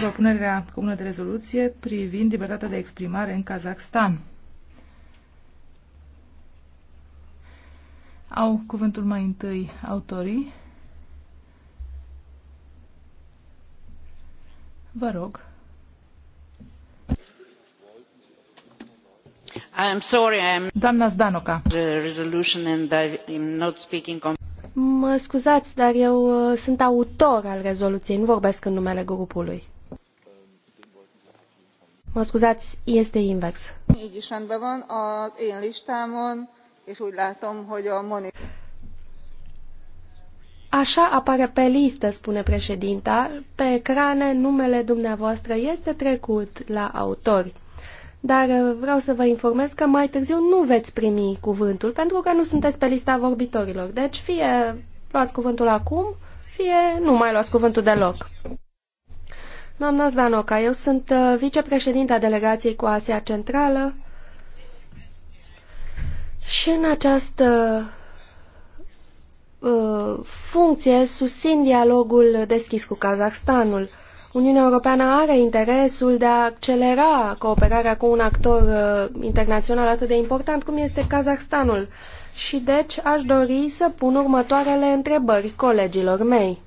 propunerea comună de rezoluție privind libertatea de exprimare în Kazakhstan. Au cuvântul mai întâi autorii. Vă rog. I'm sorry, I'm... Doamna Zdanoca. The resolution and I'm not speaking on... Mă scuzați, dar eu uh, sunt autor al rezoluției, nu vorbesc în numele grupului. Mă scuzați, este invers. Așa apare pe listă, spune președinta, pe ecrane numele dumneavoastră este trecut la autori. Dar uh, vreau să vă informez că mai târziu nu veți primi cuvântul, pentru că nu sunteți pe lista vorbitorilor. Deci fie luați cuvântul acum, fie nu mai luați cuvântul deloc. Doamna Zdanoca, eu sunt uh, vicepreședinta delegației cu Asia Centrală și în această uh, funcție susțin dialogul deschis cu Kazakhstanul. Uniunea Europeană are interesul de a accelera cooperarea cu un actor uh, internațional atât de important cum este Kazakhstanul și deci aș dori să pun următoarele întrebări colegilor mei.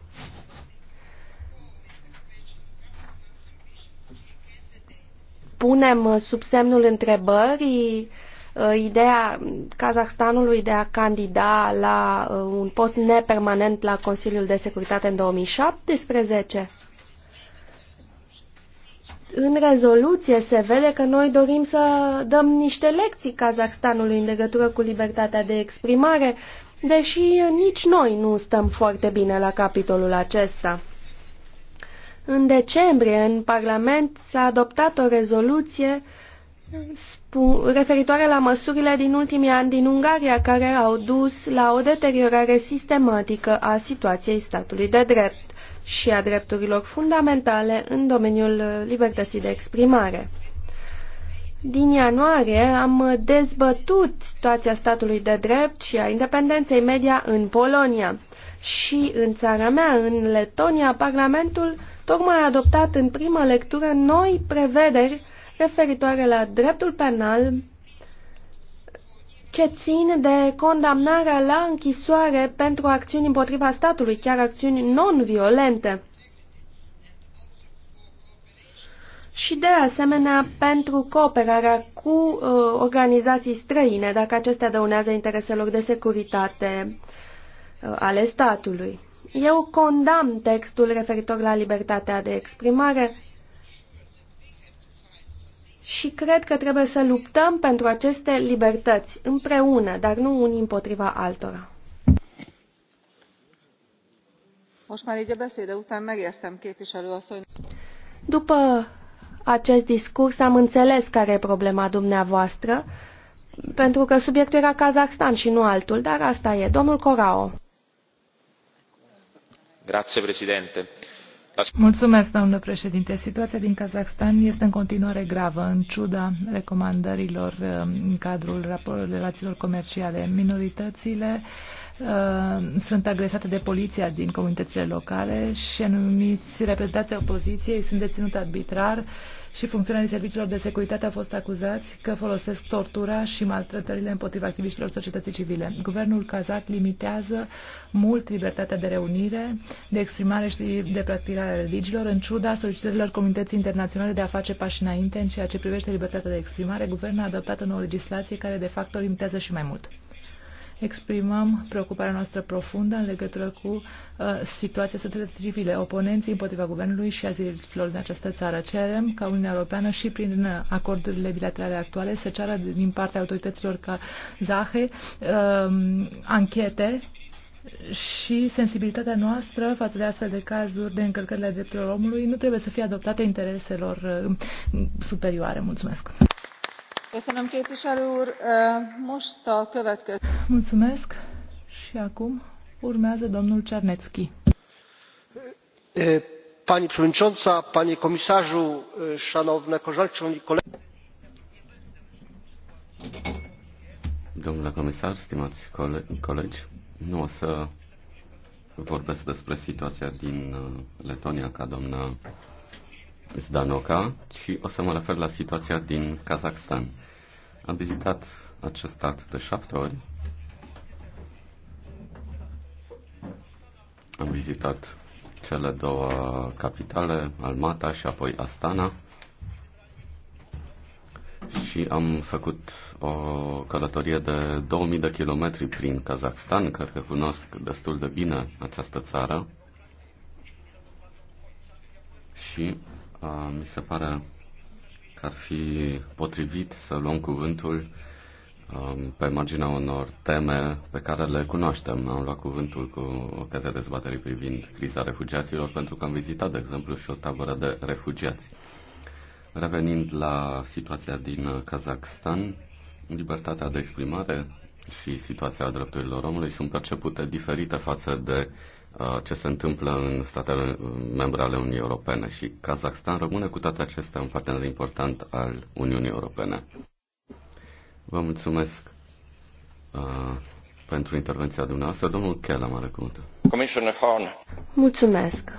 punem sub semnul întrebării uh, ideea Kazahstanului de a candida la uh, un post nepermanent la Consiliul de Securitate în 2017? În rezoluție se vede că noi dorim să dăm niște lecții Kazahstanului în legătură cu libertatea de exprimare, deși nici noi nu stăm foarte bine la capitolul acesta. În decembrie, în Parlament, s-a adoptat o rezoluție referitoare la măsurile din ultimii ani din Ungaria, care au dus la o deteriorare sistematică a situației statului de drept și a drepturilor fundamentale în domeniul libertății de exprimare. Din ianuarie am dezbătut situația statului de drept și a independenței media în Polonia. Și în țara mea, în Letonia, Parlamentul tocmai a adoptat în prima lectură noi prevederi referitoare la dreptul penal ce țin de condamnarea la închisoare pentru acțiuni împotriva statului, chiar acțiuni non-violente. Și de asemenea pentru cooperarea cu uh, organizații străine, dacă acestea dăunează intereselor de securitate uh, ale statului. Eu condamn textul referitor la libertatea de exprimare și cred că trebuie să luptăm pentru aceste libertăți împreună, dar nu unii împotriva altora. După acest discurs am înțeles care e problema dumneavoastră, pentru că subiectul era Kazakhstan și nu altul, dar asta e. Domnul Corao. Mulțumesc, domnule președinte. Situația din Kazakhstan este în continuare gravă, în ciuda recomandărilor um, în cadrul relațiilor comerciale. Minoritățile um, sunt agresate de poliția din comunitățile locale și anumiți reprezentanți opoziției sunt deținuți arbitrar și funcționarii serviciilor de securitate au fost acuzați că folosesc tortura și maltratările împotriva activiștilor societății civile. Guvernul kazak limitează mult libertatea de reunire, de exprimare și de practicare a religiilor, în ciuda solicitărilor Comunității Internaționale de a face pași înainte în ceea ce privește libertatea de exprimare. Guvernul a adoptat o nouă legislație care de facto limitează și mai mult exprimăm preocuparea noastră profundă în legătură cu uh, situația sătele civile, oponenții împotriva guvernului și azililor din această țară. Cerem ca Uniunea Europeană și prin uh, acordurile bilaterale actuale să ceară din partea autorităților ca Zahe uh, anchete și sensibilitatea noastră față de astfel de cazuri de încălcările drepturilor omului nu trebuie să fie adoptate intereselor uh, superioare. Mulțumesc! Mulțumesc. Și acum urmează domnul Cernetski. Pani przewodnicząca, panie komisarzu, szanowne koleżanki, szanowni koledzy. Domnule comisar, stimați colegi, nu o să vorbesc despre situația din Letonia ca doamna Zdanoka și o să mă refer la situația din Kazakhstan. Am vizitat acest stat de șapte ori. Am vizitat cele două capitale, Almata și apoi Astana. Și am făcut o călătorie de 2000 de kilometri prin Kazakhstan. Cred că cunosc destul de bine această țară. Și mi se pare că ar fi potrivit să luăm cuvântul pe marginea unor teme pe care le cunoaștem. Am luat cuvântul cu ocazia dezbaterii privind criza refugiaților pentru că am vizitat, de exemplu, și o tabără de refugiați. Revenind la situația din Kazakhstan, libertatea de exprimare și situația drepturilor omului sunt percepute diferite față de uh, Uh, ce se întâmplă în statele uh, membre ale Uniunii Europene și Kazakhstan rămâne cu toate acestea un partener important al Uniunii Europene. Vă mulțumesc uh, pentru intervenția dumneavoastră. Domnul Kellam are cuvântul. Mulțumesc.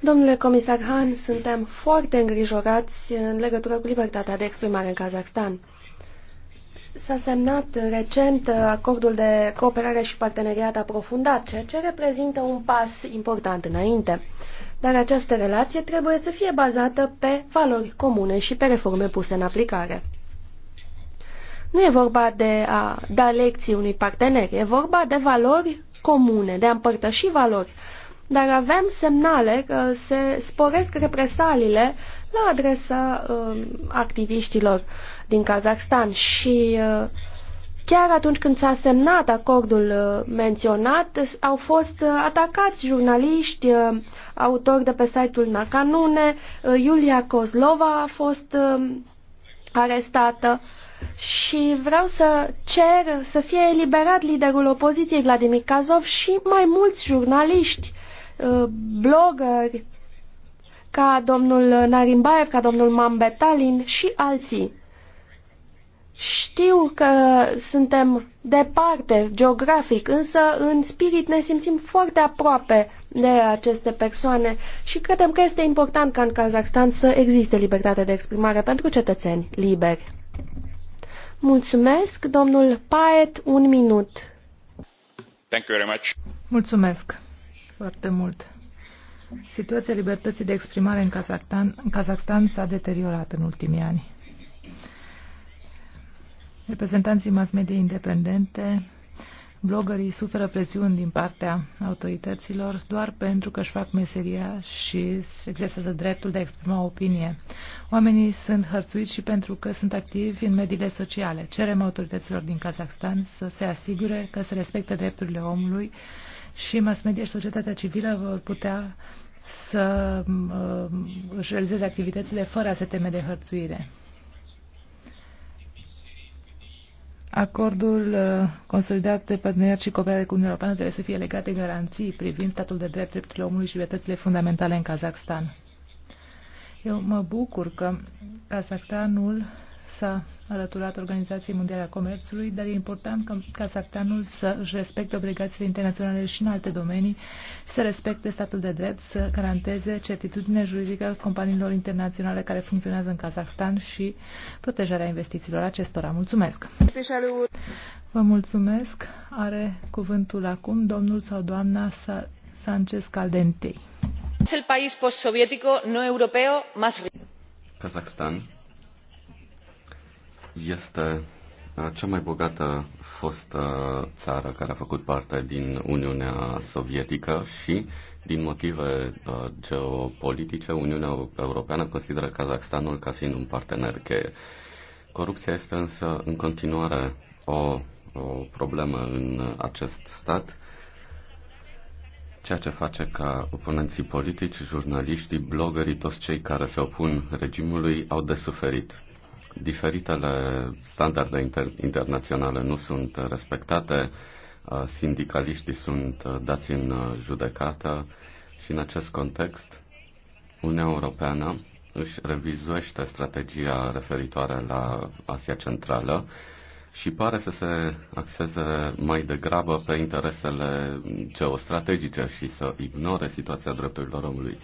Domnule comisar Han, suntem foarte îngrijorați în legătură cu libertatea de exprimare în Kazakhstan. S-a semnat recent acordul de cooperare și parteneriat aprofundat, ceea ce reprezintă un pas important înainte. Dar această relație trebuie să fie bazată pe valori comune și pe reforme puse în aplicare. Nu e vorba de a da lecții unui partener, e vorba de valori comune, de a împărtăși valori. Dar avem semnale că se sporesc represaliile la adresa uh, activiștilor din Kazakhstan și uh, chiar atunci când s-a semnat acordul uh, menționat, au fost uh, atacați jurnaliști, uh, autori de pe site-ul Nakanune, uh, Iulia Kozlova a fost uh, arestată și vreau să cer să fie eliberat liderul opoziției Vladimir Kazov și mai mulți jurnaliști, uh, blogări, ca domnul Narimbaev, ca domnul Mambetalin și alții. Știu că suntem departe geografic, însă în spirit ne simțim foarte aproape de aceste persoane și credem că este important ca în Kazakhstan să existe libertate de exprimare pentru cetățeni liberi. Mulțumesc, domnul Paet, un minut. Thank you very much. Mulțumesc foarte mult. Situația libertății de exprimare în Kazakhstan, în Kazakhstan s-a deteriorat în ultimii ani. Reprezentanții mass media independente, blogării suferă presiuni din partea autorităților doar pentru că își fac meseria și exersează dreptul de a exprima opinie. Oamenii sunt hărțuiți și pentru că sunt activi în mediile sociale. Cerem autorităților din Kazakhstan să se asigure că se respectă drepturile omului și mass media și societatea civilă vor putea să uh, își realizeze activitățile fără a se teme de hărțuire. Acordul uh, consolidat de parteneriat și cooperare cu Uniunea Europeană trebuie să fie legat de garanții privind statul de drept, drepturile omului și libertățile fundamentale în Kazakhstan. Eu mă bucur că Kazakhstanul s-a alăturat Organizației Mondiale a Comerțului, dar e important ca Kazakhstanul să își respecte obligațiile internaționale și în alte domenii, să respecte statul de drept, să garanteze certitudine juridică companiilor internaționale care funcționează în Kazakhstan și protejarea investițiilor acestora. Mulțumesc! Vă mulțumesc! Are cuvântul acum domnul sau doamna Sa Sanchez Caldentei. Kazakhstan este uh, cea mai bogată fostă țară care a făcut parte din Uniunea Sovietică și, din motive uh, geopolitice, Uniunea Europeană consideră Kazakhstanul ca fiind un partener cheie. Corupția este însă în continuare o, o problemă în acest stat, ceea ce face ca oponenții politici, jurnaliștii, blogării, toți cei care se opun regimului au de suferit diferitele standarde inter- internaționale nu sunt respectate, uh, sindicaliștii sunt uh, dați în uh, judecată și în acest context Uniunea Europeană își revizuiește strategia referitoare la Asia Centrală și pare să se axeze mai degrabă pe interesele geostrategice și să ignore situația drepturilor omului.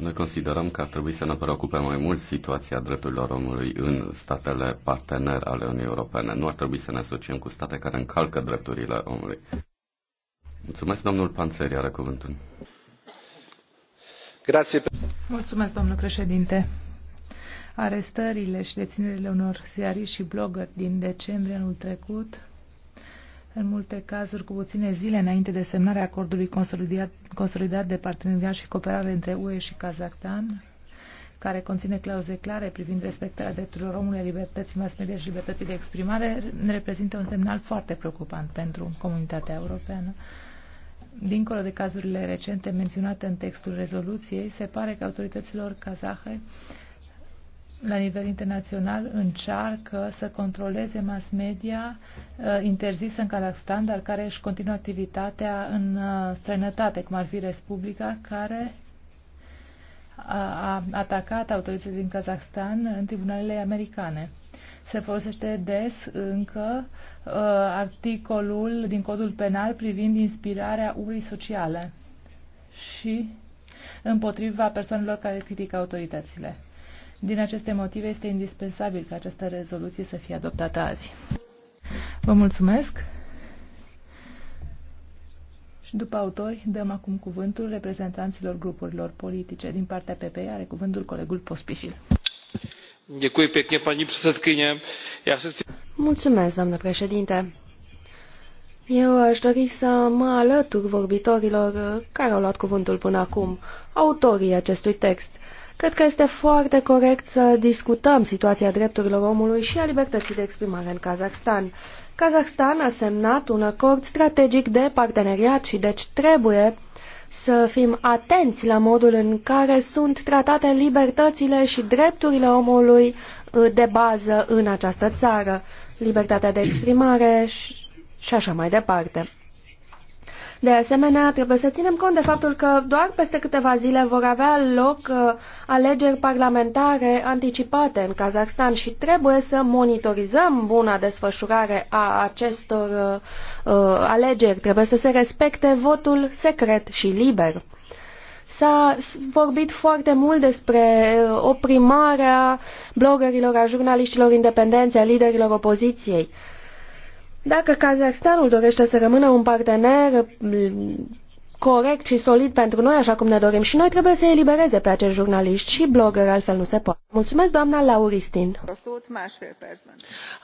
Noi considerăm că ar trebui să ne preocupe mai mult situația drepturilor omului în statele partener ale Uniunii Europene. Nu ar trebui să ne asociem cu state care încalcă drepturile omului. Mulțumesc, domnul Panțeri, are cuvântul. Grație. Mulțumesc, domnul președinte. Arestările și deținerile unor ziariști și blogări din decembrie anul trecut în multe cazuri cu puține zile înainte de semnarea acordului consolidat, consolidat de parteneriat și cooperare între UE și Kazakhstan, care conține clauze clare privind respectarea drepturilor omului, libertății mass media și libertății de exprimare, reprezintă un semnal foarte preocupant pentru comunitatea europeană. Dincolo de cazurile recente menționate în textul rezoluției, se pare că autorităților kazahe la nivel internațional încearcă să controleze mass media uh, interzisă în Kazakhstan, dar care își continuă activitatea în uh, străinătate, cum ar fi Republica, care a atacat autoritățile din Kazakhstan în tribunalele americane. Se folosește des încă uh, articolul din codul penal privind inspirarea urii sociale și împotriva persoanelor care critică autoritățile. Din aceste motive este indispensabil ca această rezoluție să fie adoptată azi. Vă mulțumesc. Și după autori dăm acum cuvântul reprezentanților grupurilor politice. Din partea PPE are cuvântul colegul Pospisil. Mulțumesc, doamnă președinte. Eu aș dori să mă alătur vorbitorilor care au luat cuvântul până acum, autorii acestui text. Cred că este foarte corect să discutăm situația drepturilor omului și a libertății de exprimare în Kazahstan. Kazahstan a semnat un acord strategic de parteneriat și deci trebuie să fim atenți la modul în care sunt tratate libertățile și drepturile omului uh, de bază în această țară, libertatea de exprimare și, și așa mai departe. De asemenea, trebuie să ținem cont de faptul că doar peste câteva zile vor avea loc uh, alegeri parlamentare anticipate în Kazakhstan și trebuie să monitorizăm buna desfășurare a acestor uh, uh, alegeri. Trebuie să se respecte votul secret și liber. S-a vorbit foarte mult despre oprimarea bloggerilor, a jurnaliștilor independenți, a liderilor opoziției. Dacă Kazakhstanul dorește să rămână un partener mm, corect și solid pentru noi, așa cum ne dorim și noi, trebuie să elibereze pe acești jurnaliști și blogger, altfel nu se poate. Mulțumesc, doamna Lauristin.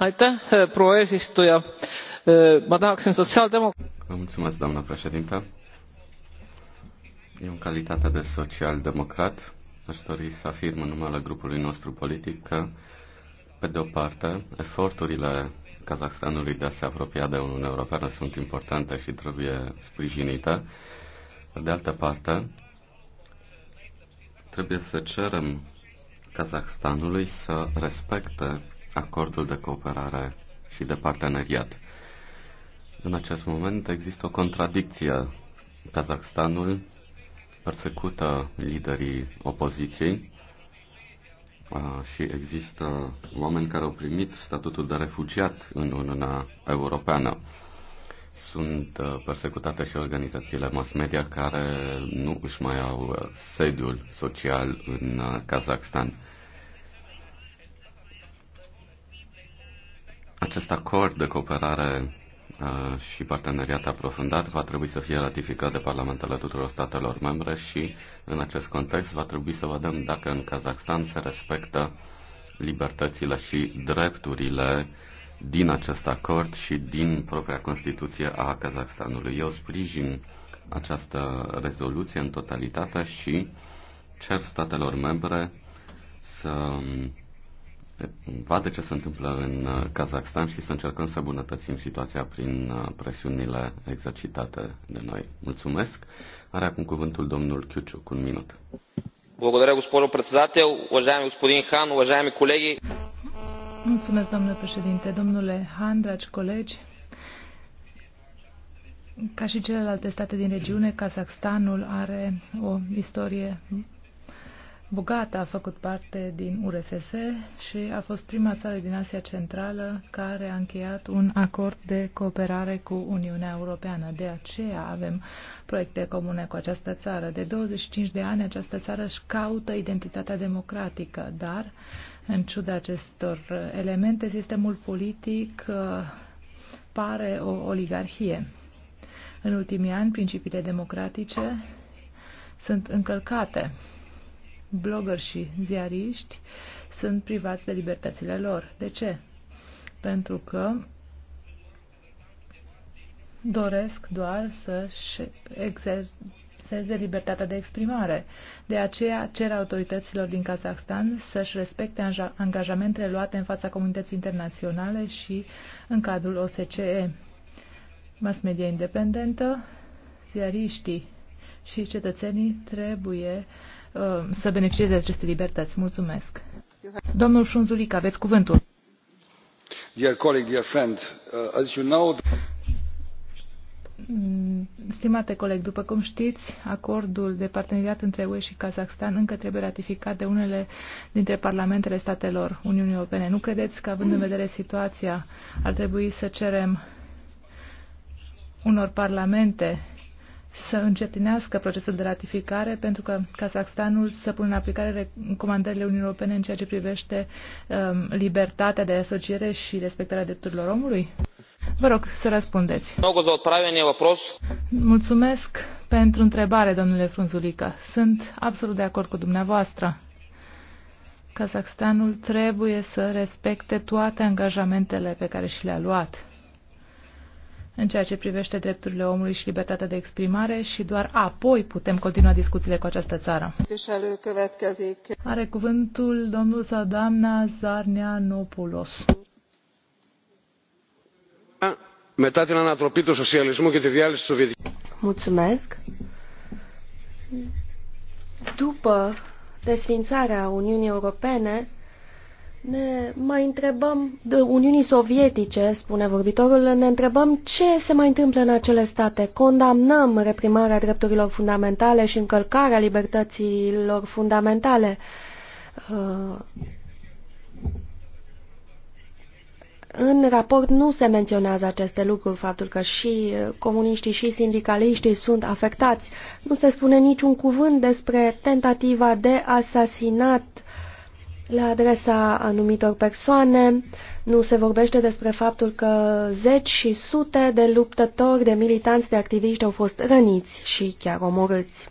Aitäh, proua eesistuja. Eh, ma tahaksin sotsiaaldemokraat... mulțumesc, doamna președintă. Eu, în calitate de social-democrat, aș dori să afirm în numele grupului nostru politic că, pe de o parte, eforturile Kazahstanului de a se apropia de Uniunea Europeană sunt importante și trebuie sprijinite. de altă parte, trebuie să cerem Kazahstanului să respecte acordul de cooperare și de parteneriat. În acest moment există o contradicție. Kazahstanul persecută liderii opoziției Uh, și există oameni care au primit statutul de refugiat în Uniunea Europeană. Sunt uh, persecutate și organizațiile mass media care nu își mai au uh, sediul social în Kazakhstan. Acest acord de cooperare și parteneriat aprofundat va trebui să fie ratificat de parlamentele tuturor statelor membre și în acest context va trebui să vedem dacă în Kazakhstan se respectă libertățile și drepturile din acest acord și din propria Constituție a Kazakhstanului. Eu sprijin această rezoluție în totalitate și cer statelor membre să vadă ce se întâmplă în uh, Kazakhstan și să încercăm să bunătățim situația prin uh, presiunile exercitate de noi. Mulțumesc. Are acum cuvântul domnul Chiuciuc, un minut. Благодаря, госпожо председател. Уважаеми господин Хан, уважаеми колеги. Mulțumesc, domnule președinte. Domnule Han, dragi colegi, ca și celelalte state din regiune, Kazakhstanul are o istorie Bogata a făcut parte din URSS și a fost prima țară din Asia Centrală care a încheiat un acord de cooperare cu Uniunea Europeană. De aceea avem proiecte comune cu această țară. De 25 de ani această țară își caută identitatea democratică, dar în ciuda acestor elemente, sistemul politic uh, pare o oligarhie. În ultimii ani, principiile democratice sunt încălcate blogger și ziariști sunt privați de libertățile lor. De ce? Pentru că doresc doar să-și exerceze libertatea de exprimare. De aceea cer autorităților din Kazakhstan să-și respecte angajamentele luate în fața comunității internaționale și în cadrul OSCE. Mass media independentă, ziariștii și cetățenii trebuie Uh, să beneficieze de aceste libertăți. Mulțumesc. Domnul Frunzulic, aveți cuvântul. Dear colleague, dear friend, uh, as you know... Mm, stimate coleg, după cum știți, acordul de parteneriat între UE și Kazakhstan încă trebuie ratificat de unele dintre parlamentele statelor Uniunii Europene. Nu credeți că, având în vedere situația, ar trebui să cerem unor parlamente să încetinească procesul de ratificare pentru că Kazakhstanul să pună în aplicare recomandările Uniunii Europene în ceea ce privește um, libertatea de asociere și respectarea drepturilor omului? Vă rog să răspundeți. Mulțumesc pentru întrebare, domnule Frunzulica. Sunt absolut de acord cu dumneavoastră. Kazakhstanul trebuie să respecte toate angajamentele pe care și le-a luat în ceea ce privește drepturile omului și libertatea de exprimare și doar apoi putem continua discuțiile cu această țară. Are cuvântul domnul sau doamna Zarneanopoulos. Μετά Mulțumesc. După desfințarea Uniunii Europene, ne mai întrebăm, de Uniunii Sovietice, spune vorbitorul, ne întrebăm ce se mai întâmplă în acele state. Condamnăm reprimarea drepturilor fundamentale și încălcarea libertăților fundamentale. Uh, în raport nu se menționează aceste lucruri, faptul că și comuniștii și sindicaliștii sunt afectați. Nu se spune niciun cuvânt despre tentativa de asasinat la adresa anumitor persoane, nu se vorbește despre faptul că zeci și sute de luptători, de militanți, de activiști au fost răniți și chiar omorâți.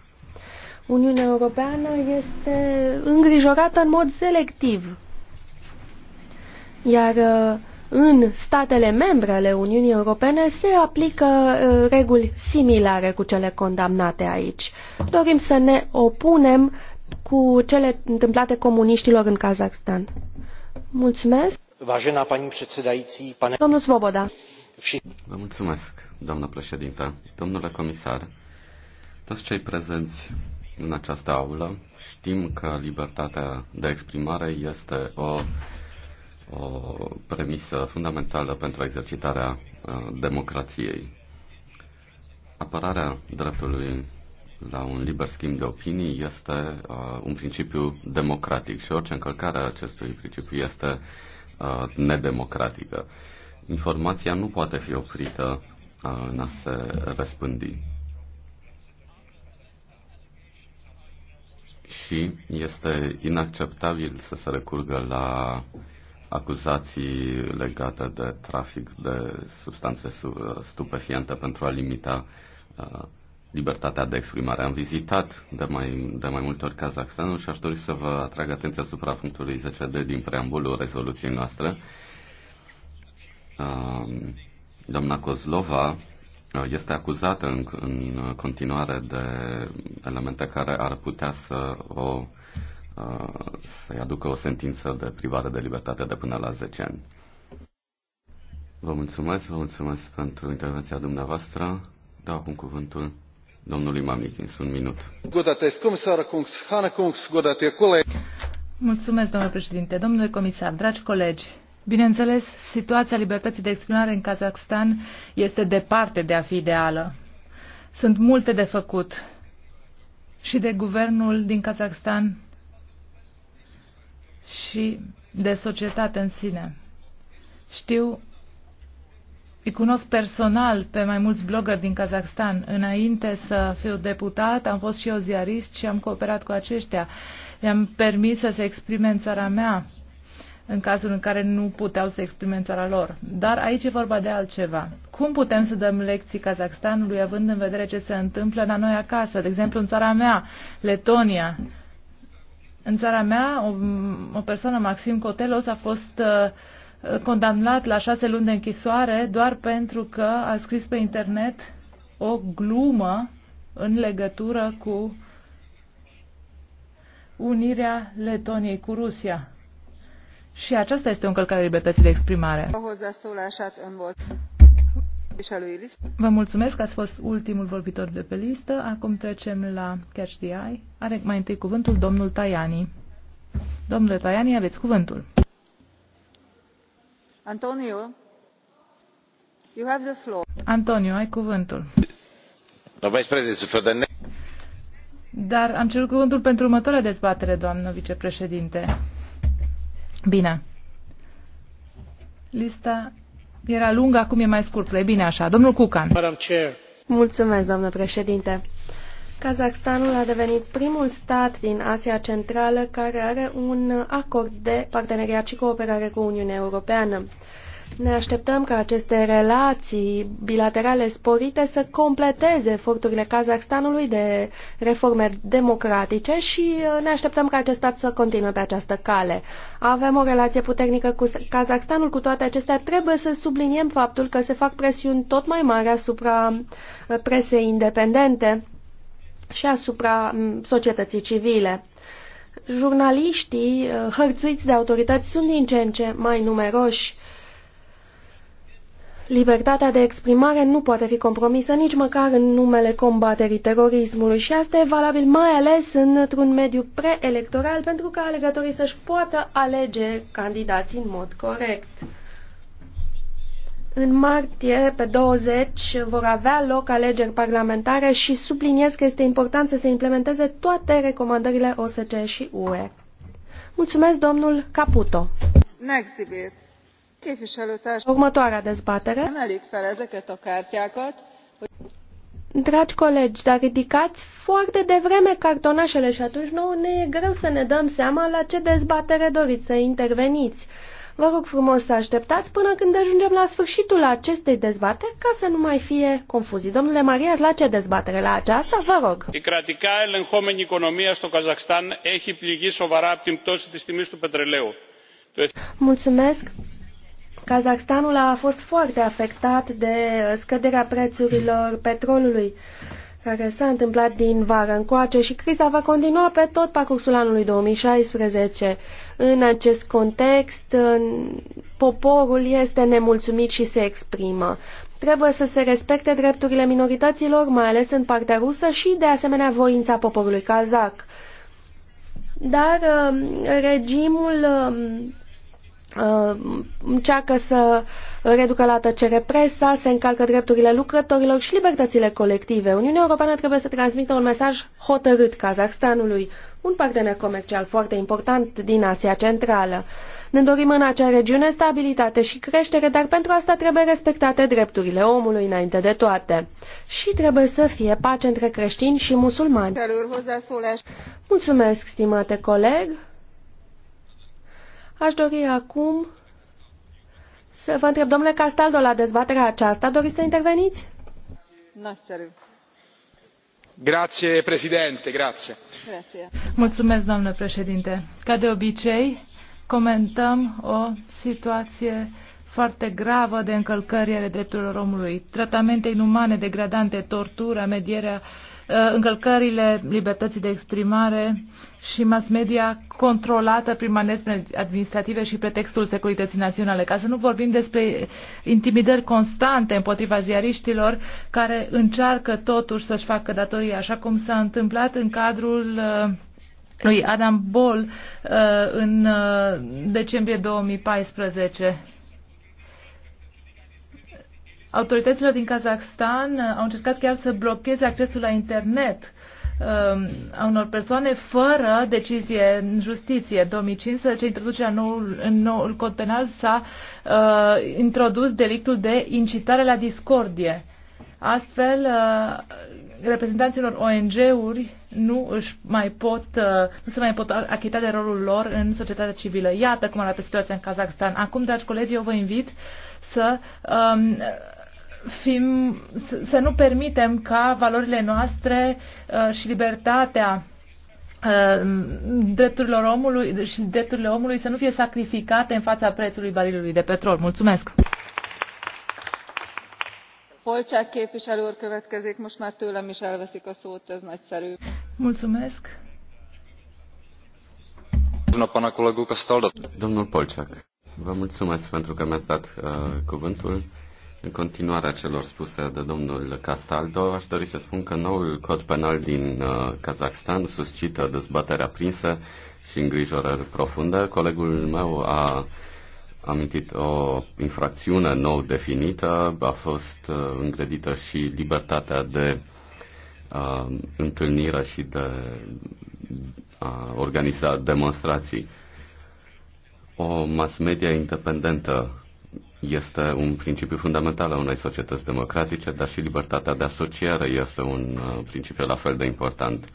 Uniunea Europeană este îngrijorată în mod selectiv, iar uh, în statele membre ale Uniunii Europene se aplică uh, reguli similare cu cele condamnate aici. Dorim să ne opunem cu cele întâmplate comuniștilor în Kazakhstan. Mulțumesc. Vážená paní předsedající, pane... Domnul Svoboda. Vă mulțumesc, doamnă președintă, domnule comisar. Toți cei prezenți în această aulă știm că libertatea de exprimare este o, o premisă fundamentală pentru exercitarea uh, democrației. Apărarea dreptului la un liber schimb de opinii este uh, un principiu democratic și orice încălcare a acestui principiu este uh, nedemocratică. Informația nu poate fi oprită uh, în a se răspândi. Și este inacceptabil să se recurgă la acuzații legate de trafic de substanțe uh, stupefiante pentru a limita uh, libertatea de exprimare. Am vizitat de mai, de mai multe ori Kazakhstanul și aș dori să vă atrag atenția asupra punctului 10D din preambulul rezoluției noastre. Um, doamna Kozlova uh, este acuzată în, în continuare de elemente care ar putea să o uh, să-i aducă o sentință de privare de libertate de până la 10 ani. Vă mulțumesc, vă mulțumesc pentru intervenția dumneavoastră. Dau acum cuvântul domnului Mamikins. Un minut. Mulțumesc, domnule președinte. Domnule comisar, dragi colegi, bineînțeles, situația libertății de exprimare în Kazakhstan este departe de a fi ideală. Sunt multe de făcut și de guvernul din Kazakhstan și de societate în sine. Știu îi cunosc personal pe mai mulți blogger din Kazakhstan. Înainte să fiu deputat, am fost și eu ziarist și am cooperat cu aceștia. Le-am permis să se exprime în țara mea, în cazul în care nu puteau să exprime în țara lor. Dar aici e vorba de altceva. Cum putem să dăm lecții Kazakhstanului, având în vedere ce se întâmplă la noi acasă, de exemplu în țara mea, Letonia? În țara mea, o, o persoană, Maxim Cotelos, a fost uh, condamnat la șase luni de închisoare doar pentru că a scris pe internet o glumă în legătură cu unirea Letoniei cu Rusia. Și aceasta este o încălcare a libertății de exprimare. Vă mulțumesc că ați fost ultimul vorbitor de pe listă. Acum trecem la Catch the Eye. Are mai întâi cuvântul domnul Tajani. Domnule Tajani, aveți cuvântul. Antonio, Antonio, ai cuvântul. Dar am cerut cuvântul pentru următoarea dezbatere, doamnă vicepreședinte. Bine. Lista era lungă, acum e mai scurtă. E bine așa. Domnul Kukan. Mulțumesc, doamnă președinte Kazakhstanul a devenit primul stat din Asia Centrală care are un acord de parteneriat și cooperare cu Uniunea Europeană. Ne așteptăm ca aceste relații bilaterale sporite să completeze eforturile Kazakhstanului de reforme democratice și uh, ne așteptăm ca acest stat să continue pe această cale. Avem o relație puternică cu Kazakhstanul, cu toate acestea trebuie să subliniem faptul că se fac presiuni tot mai mari asupra uh, presei independente și asupra mm, societății civile. Jurnaliștii uh, hărțuiți de autorități sunt din ce în ce mai numeroși. Libertatea de exprimare nu poate fi compromisă nici măcar în numele combaterii terorismului și asta e valabil mai ales într-un mediu preelectoral pentru ca alegătorii să-și poată alege candidații în mod corect. În martie, pe 20, vor avea loc alegeri parlamentare și subliniez că este important să se implementeze toate recomandările OSCE și UE. Mulțumesc, domnul Caputo. Next debate. Următoarea dezbatere. Dragi colegi, dar ridicați foarte devreme cartonașele și atunci nouă ne e greu să ne dăm seama la ce dezbatere doriți să interveniți. Vă rog frumos să așteptați până când ajungem la sfârșitul acestei dezbateri ca să nu mai fie confuzii. Domnule Marias, la ce dezbatere? La aceasta? Vă rog. Η κρατικά ελεγχόμενη οικονομία στο Καζακστάν έχει πληγεί σοβαρά από την πτώση της τιμής του πετρελαίου. Mulțumesc. Kazakhstanul a fost foarte afectat de scăderea prețurilor petrolului care s-a întâmplat din vară încoace și criza va continua pe tot parcursul anului 2016. În acest context, poporul este nemulțumit și se exprimă. Trebuie să se respecte drepturile minorităților, mai ales în partea rusă și, de asemenea, voința poporului kazak. Dar um, regimul um, uh, încearcă să uh, reducă la tăcere presa, se încalcă drepturile lucrătorilor și libertățile colective. Uniunea Europeană trebuie să transmită un mesaj hotărât Kazahstanului, un partener comercial foarte important din Asia Centrală. Ne dorim în acea regiune stabilitate și creștere, dar pentru asta trebuie respectate drepturile omului înainte de toate. Și trebuie să fie pace între creștini și musulmani. Mulțumesc, stimate coleg. Aș dori acum să vă întreb, domnule Castaldo, la dezbaterea aceasta doriți să interveniți? Grazie, președinte, grazie. Mulțumesc, domnule președinte. Ca de obicei, comentăm o situație foarte gravă de încălcări ale drepturilor omului, tratamente inumane, degradante, tortură, medierea Uh, încălcările libertății de exprimare și mass media controlată prin manevre administrative și pretextul securității naționale. Ca să nu vorbim despre intimidări constante împotriva ziariștilor care încearcă totuși să-și facă datoria, așa cum s-a întâmplat în cadrul uh, lui Adam Bol uh, în decembrie 2014 Autoritățile din Kazakhstan uh, au încercat chiar să blocheze accesul la internet um, a unor persoane fără decizie în justiție. 2015, introducerea noul, în noul cod penal s-a uh, introdus delictul de incitare la discordie. Astfel, uh, reprezentanților ONG-uri nu, își mai pot, uh, nu se mai pot achita de rolul lor în societatea civilă. Iată cum arată situația în Kazakhstan. Acum, dragi colegi, eu vă invit să uh, fim, să nu permitem ca valorile noastre uh, și libertatea uh, drepturilor omului și drepturile omului să nu fie sacrificate în fața prețului barilului de petrol. Mulțumesc! a Mulțumesc. Domnul Polceac, vă mulțumesc pentru că mi-ați dat uh, cuvântul. În continuarea celor spuse de domnul Castaldo, aș dori să spun că noul cod penal din uh, Kazakhstan suscită dezbaterea prinsă și îngrijorări profunde. Colegul meu a amintit o infracțiune nou definită, a fost uh, îngredită și libertatea de uh, întâlnire și de a organiza demonstrații. O mass media independentă este un principiu fundamental al unei societăți democratice, dar și libertatea de asociere este un uh, principiu la fel de important.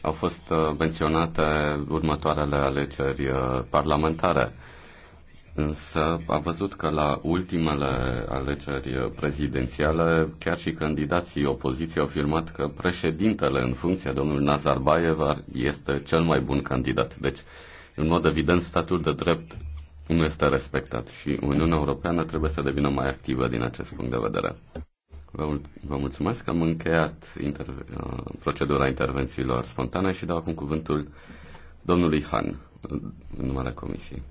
Au fost uh, menționate următoarele alegeri uh, parlamentare, însă a văzut că la ultimele alegeri prezidențiale chiar și candidații opoziției au afirmat că președintele în funcție, domnul Nazarbayev, este cel mai bun candidat. Deci, în mod evident, statul de drept nu este respectat și Uniunea Europeană trebuie să devină mai activă din acest punct de vedere. Vă, mul- vă mulțumesc că am încheiat inter- uh, procedura intervențiilor spontane și dau acum cuvântul domnului Han, în numele Comisiei.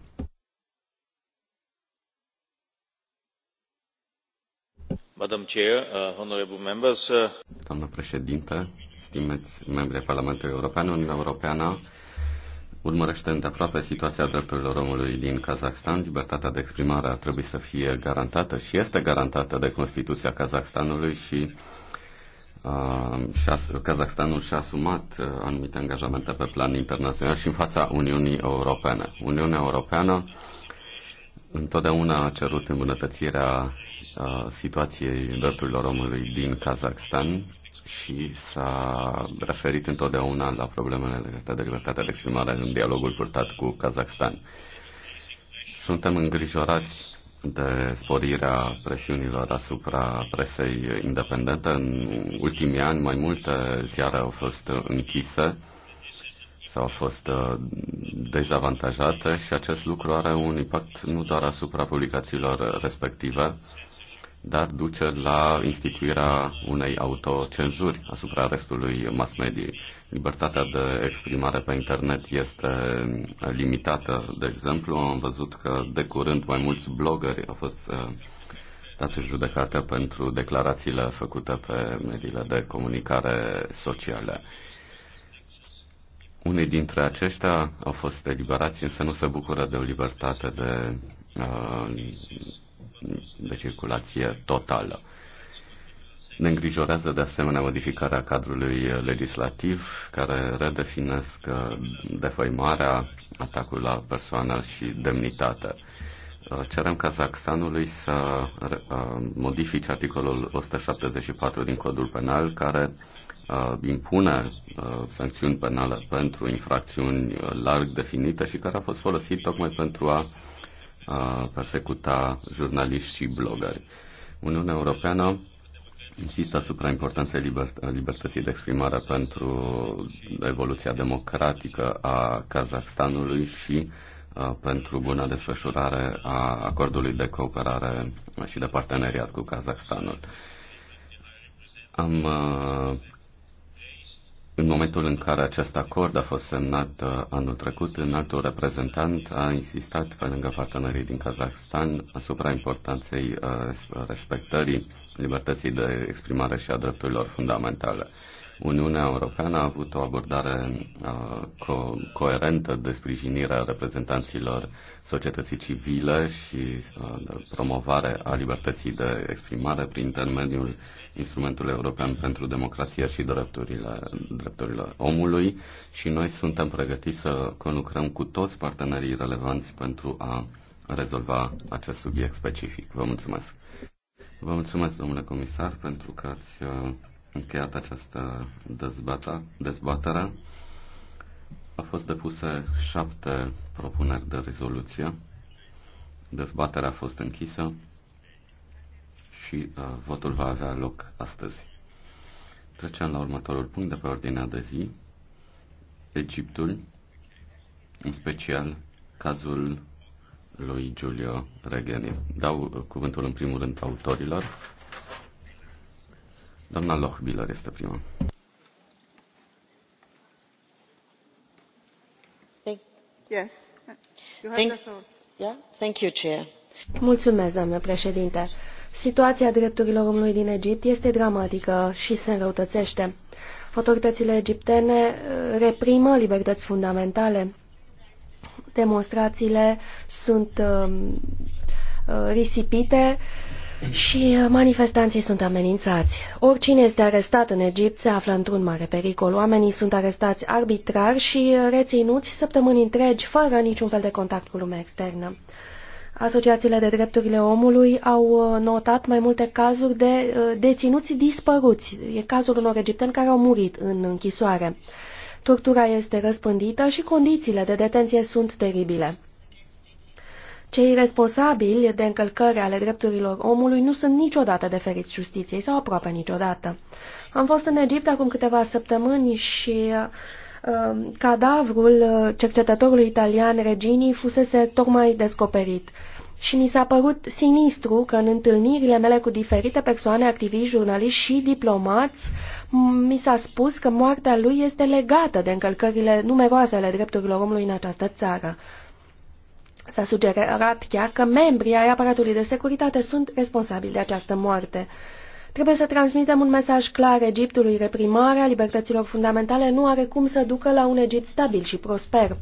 Madam Chair, uh, honorable members. Uh... Doamnă președinte, stimați membri ai Parlamentului European, Uniunea Europeană urmărește îndeaproape situația drepturilor omului din Kazakhstan. Libertatea de exprimare ar trebui să fie garantată și este garantată de Constituția Kazakhstanului și uh, Kazakhstanul și-a asumat uh, anumite angajamente pe plan internațional și în fața Uniunii Europene. Uniunea Europeană întotdeauna a cerut îmbunătățirea uh, situației drepturilor omului din Kazakhstan și s-a referit întotdeauna la problemele legate de libertatea de exprimare în dialogul purtat cu Kazakhstan. Suntem îngrijorați de sporirea presiunilor asupra presei independente. În ultimii ani mai multe ziare au fost închise sau au fost uh, dezavantajate și acest lucru are un impact nu doar asupra publicațiilor respective, dar duce la instituirea unei autocenzuri asupra restului mass media. Libertatea de exprimare pe internet este limitată, de exemplu. Am văzut că de curând mai mulți blogări au fost uh, dați judecate pentru declarațiile făcute pe mediile de comunicare sociale. Unii dintre aceștia au fost eliberați, însă nu se bucură de o libertate de uh, de circulație totală. Ne îngrijorează de asemenea modificarea cadrului legislativ care redefinesc uh, defăimarea, atacul la persoană și demnitate. Uh, cerem Kazakhstanului să uh, modifice articolul 174 din codul penal care impune sancțiuni penale pentru infracțiuni larg definite și care a fost folosit tocmai pentru a persecuta jurnaliști și blogări. Uniunea Europeană insistă asupra importanței liber- libertății de exprimare pentru evoluția democratică a Kazahstanului și pentru buna desfășurare a acordului de cooperare și de parteneriat cu Kazahstanul. Am în momentul în care acest acord a fost semnat uh, anul trecut, în altul reprezentant a insistat pe lângă partenerii din Kazakhstan asupra importanței uh, respectării libertății de exprimare și a drepturilor fundamentale. Uniunea Europeană a avut o abordare uh, co- coerentă de sprijinire a reprezentanților societății civile și uh, de promovare a libertății de exprimare prin intermediul instrumentului european pentru democrație și drepturile, drepturile omului și noi suntem pregătiți să conlucrăm cu toți partenerii relevanți pentru a rezolva acest subiect specific. Vă mulțumesc! Vă mulțumesc, domnule comisar, pentru că ați uh, încheiat această dezbatere. Au fost depuse șapte propuneri de rezoluție. Dezbaterea a fost închisă și uh, votul va avea loc astăzi. Trecem la următorul punct de pe ordinea de zi. Egiptul, în special cazul lui Giulio Regeni. Dau uh, cuvântul în primul rând autorilor. Doamna Lochbiller este prima. Mulțumesc, doamnă președinte. Situația drepturilor omului din Egipt este dramatică și se înrăutățește. Autoritățile egiptene eh, reprimă libertăți fundamentale. Demonstrațiile sunt uh, risipite și uh, manifestanții sunt amenințați. Oricine este arestat în Egipt se află într-un mare pericol. Oamenii sunt arestați arbitrar și uh, reținuți săptămâni întregi, fără niciun fel de contact cu lumea externă. Asociațiile de drepturile omului au uh, notat mai multe cazuri de deținuți dispăruți. E cazul unor egipteni care au murit în închisoare. Tortura este răspândită și condițiile de detenție sunt teribile. Cei responsabili de încălcări ale drepturilor omului nu sunt niciodată deferiți justiției sau aproape niciodată. Am fost în Egipt acum câteva săptămâni și uh, cadavrul cercetătorului italian Regini fusese tocmai descoperit. Și mi s-a părut sinistru că în întâlnirile mele cu diferite persoane, activiști, jurnaliști și diplomați, mi s-a spus că moartea lui este legată de încălcările numeroase ale drepturilor omului în această țară. S-a sugerat chiar că membrii ai aparatului de securitate sunt responsabili de această moarte. Trebuie să transmitem un mesaj clar Egiptului. Reprimarea libertăților fundamentale nu are cum să ducă la un Egipt stabil și prosper.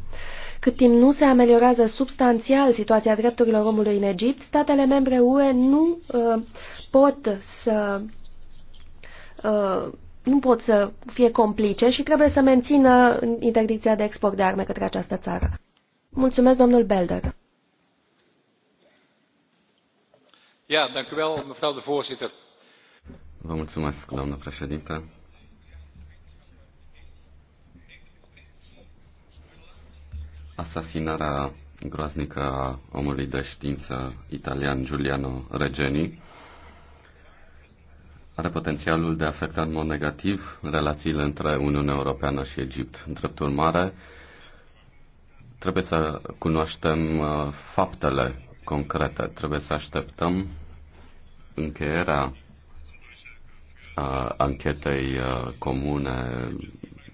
Cât timp nu se ameliorează substanțial situația drepturilor omului în Egipt, statele membre UE nu uh, pot să uh, nu pot să fie complice și trebuie să mențină interdicția de export de arme către această țară. Mulțumesc, domnul Belder. Vă mulțumesc, doamnă președinte. Asasinarea groaznică a omului de știință italian Giuliano Regeni are potențialul de a afecta în mod negativ relațiile între Uniunea Europeană și Egipt. În drept urmare, trebuie să cunoaștem uh, faptele concrete. Trebuie să așteptăm încheierea anchetei comune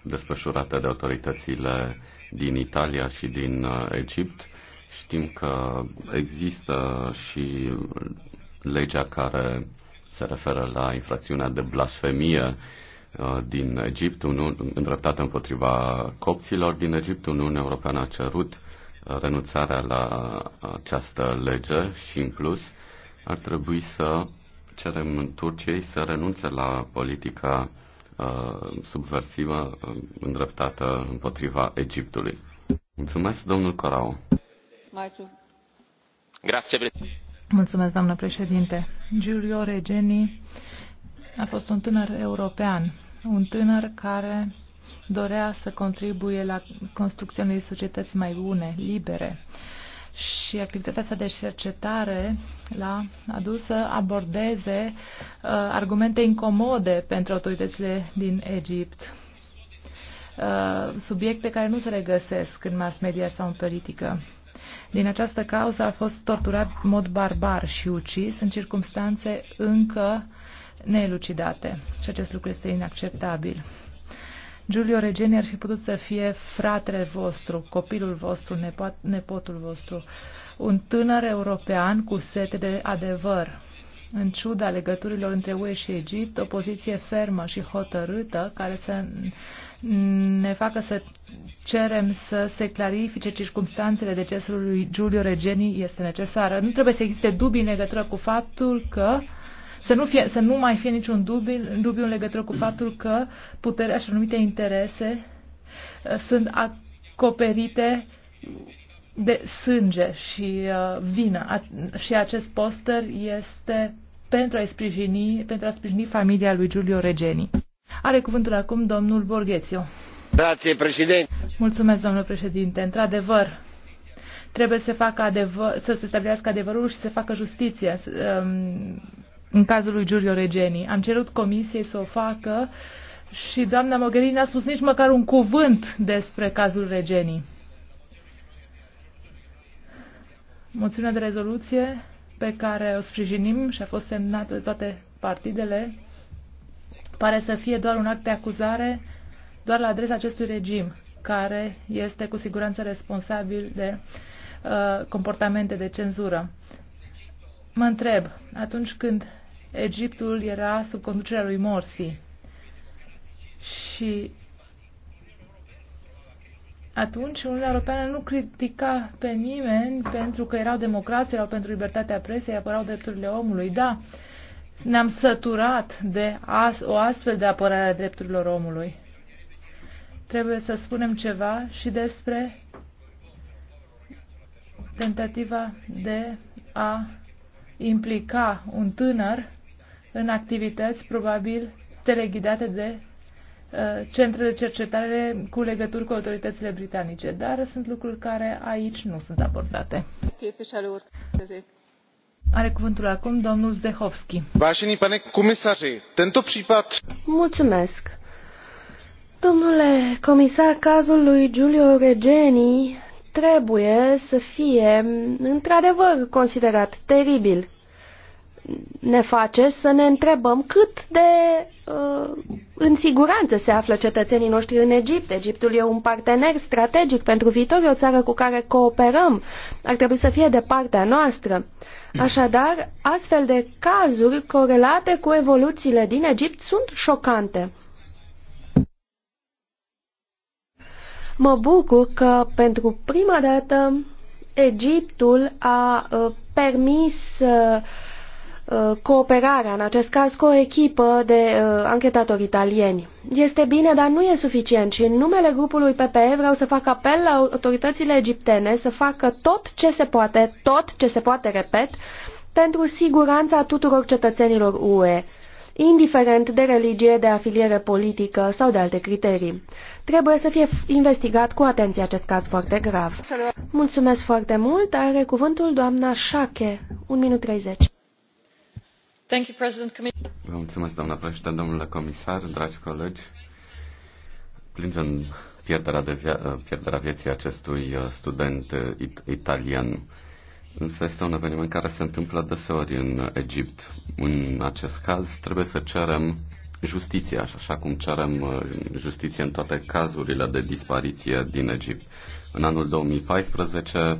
desfășurate de autoritățile din Italia și din Egipt. Știm că există și legea care se referă la infracțiunea de blasfemie din Egipt, îndreptată împotriva copților din Egipt. Uniunea Europeană a cerut renunțarea la această lege și, în plus, ar trebui să cerem în Turciei să renunțe la politica uh, subversivă uh, îndreptată împotriva Egiptului. Mulțumesc, domnul Corau. Mulțumesc, doamnă președinte. Giulio Regeni a fost un tânăr european, un tânăr care dorea să contribuie la construcția unei societăți mai bune, libere. Și activitatea sa de cercetare l-a adus să abordeze uh, argumente incomode pentru autoritățile din Egipt, uh, subiecte care nu se regăsesc în mass media sau în politică. Din această cauză a fost torturat în mod barbar și ucis în circumstanțe încă neelucidate și acest lucru este inacceptabil. Giulio Regeni ar fi putut să fie fratele vostru, copilul vostru, nepo- nepotul vostru, un tânăr european cu sete de adevăr. În ciuda legăturilor între UE și Egipt, o poziție fermă și hotărâtă care să ne facă să cerem să se clarifice circunstanțele decesului lui Giulio Regeni este necesară. Nu trebuie să existe dubii în legătură cu faptul că uh, să nu, fie, să nu mai fie niciun dubiu, dubiu în legătură cu faptul că puterea și anumite interese uh, sunt acoperite de sânge și uh, vină. A, și acest poster este pentru a sprijini, pentru a sprijini familia lui Giulio Regeni. Are cuvântul acum domnul Borghețiu. Grazie, președinte. Mulțumesc, domnule președinte. Într-adevăr, trebuie să, facă adevăr, să se stabilească adevărul și să se facă justiție. Um, în cazul lui Giulio Regeni. Am cerut comisiei să o facă și doamna Mogherini n-a spus nici măcar un cuvânt despre cazul Regeni. Moțiunea de rezoluție pe care o sprijinim și a fost semnată de toate partidele pare să fie doar un act de acuzare doar la adresa acestui regim, care este cu siguranță responsabil de uh, comportamente de cenzură. Mă întreb, atunci când Egiptul era sub conducerea lui Morsi. Și atunci Uniunea Europeană nu critica pe nimeni pentru că erau democrații, erau pentru libertatea presei, apărau drepturile omului. Da, ne-am săturat de as, o astfel de apărare a drepturilor omului. Trebuie să spunem ceva și despre tentativa de a implica un tânăr în activități probabil teleghidate de uh, centre de cercetare cu legături cu autoritățile britanice, dar sunt lucruri care aici nu sunt abordate. Are cuvântul acum domnul Zdehovski. Vážený pane komisaři, tento případ... Mulțumesc. Domnule comisar, cazul lui Giulio Regeni trebuie să fie într-adevăr considerat teribil ne face să ne întrebăm cât de uh, în siguranță se află cetățenii noștri în Egipt. Egiptul e un partener strategic pentru viitor, e o țară cu care cooperăm. Ar trebui să fie de partea noastră. Așadar, astfel de cazuri corelate cu evoluțiile din Egipt sunt șocante. Mă bucur că pentru prima dată Egiptul a uh, permis uh, Uh, cooperarea, în acest caz cu o echipă de uh, anchetatori italieni. Este bine, dar nu e suficient și în numele grupului PPE vreau să fac apel la autoritățile egiptene să facă tot ce se poate, tot ce se poate, repet, pentru siguranța tuturor cetățenilor UE, indiferent de religie, de afiliere politică sau de alte criterii. Trebuie să fie investigat cu atenție acest caz foarte grav. Mulțumesc foarte mult, are cuvântul doamna Șache, 1 minut 30. Vă mulțumesc, doamna președinte, domnule comisar, dragi colegi. Plângem pierderea, de via- pierderea vieții acestui uh, student uh, it- italian. Însă este un eveniment care se întâmplă deseori în Egipt. În acest caz trebuie să cerem justiție, așa cum cerem uh, justiție în toate cazurile de dispariție din Egipt. În anul 2014,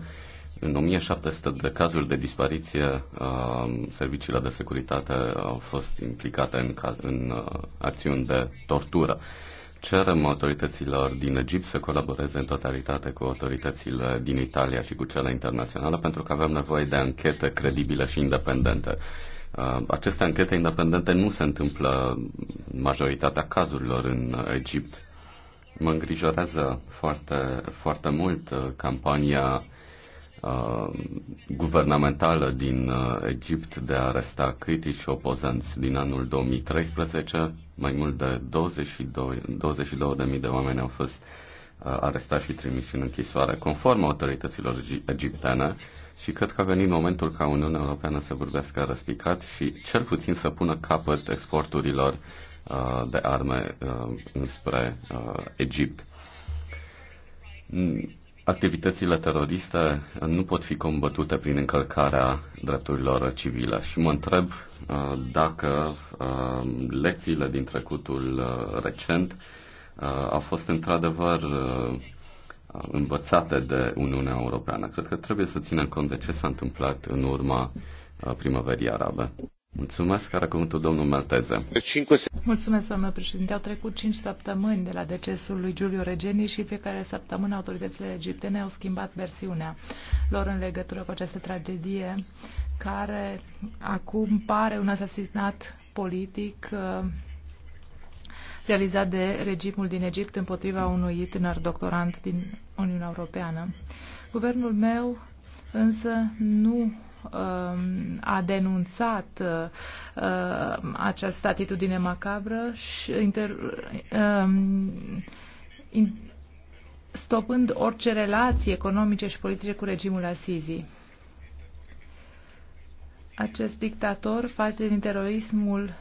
în 1700 de cazuri de dispariție, uh, serviciile de securitate au fost implicate în, în uh, acțiuni de tortură. Cerem autorităților din Egipt să colaboreze în totalitate cu autoritățile din Italia și cu cele internaționale pentru că avem nevoie de anchete credibile și independente. Uh, aceste anchete independente nu se întâmplă în majoritatea cazurilor în Egipt. Mă îngrijorează foarte, foarte mult campania Uh, guvernamentală din uh, Egipt de a aresta critici și opozanți din anul 2013. Mai mult de 22, 22.000 de oameni au fost uh, arestați și trimiși în închisoare conform autorităților egiptene și cred că a venit momentul ca Uniunea Europeană să vorbească răspicat și cel puțin să pună capăt exporturilor de arme înspre Egipt Activitățile teroriste nu pot fi combătute prin încălcarea drepturilor civile și mă întreb uh, dacă uh, lecțiile din trecutul uh, recent au fost într-adevăr învățate de Uniunea Europeană. Cred că trebuie să ținem cont de ce s-a întâmplat în urma primăverii arabe. Mulțumesc, are cuvântul domnul Malteză. Mulțumesc, domnule președinte. Au trecut cinci săptămâni de la decesul lui Giulio Regeni și fiecare săptămână autoritățile egiptene au schimbat versiunea lor în legătură cu această tragedie, care acum pare un asasinat politic uh, realizat de regimul din Egipt împotriva unui tânăr doctorant din Uniunea Europeană. Guvernul meu însă nu Um, a denunțat uh, uh, această atitudine macabră și inter, um, stopând orice relații economice și politice cu regimul Asizi. Acest dictator face din terorismul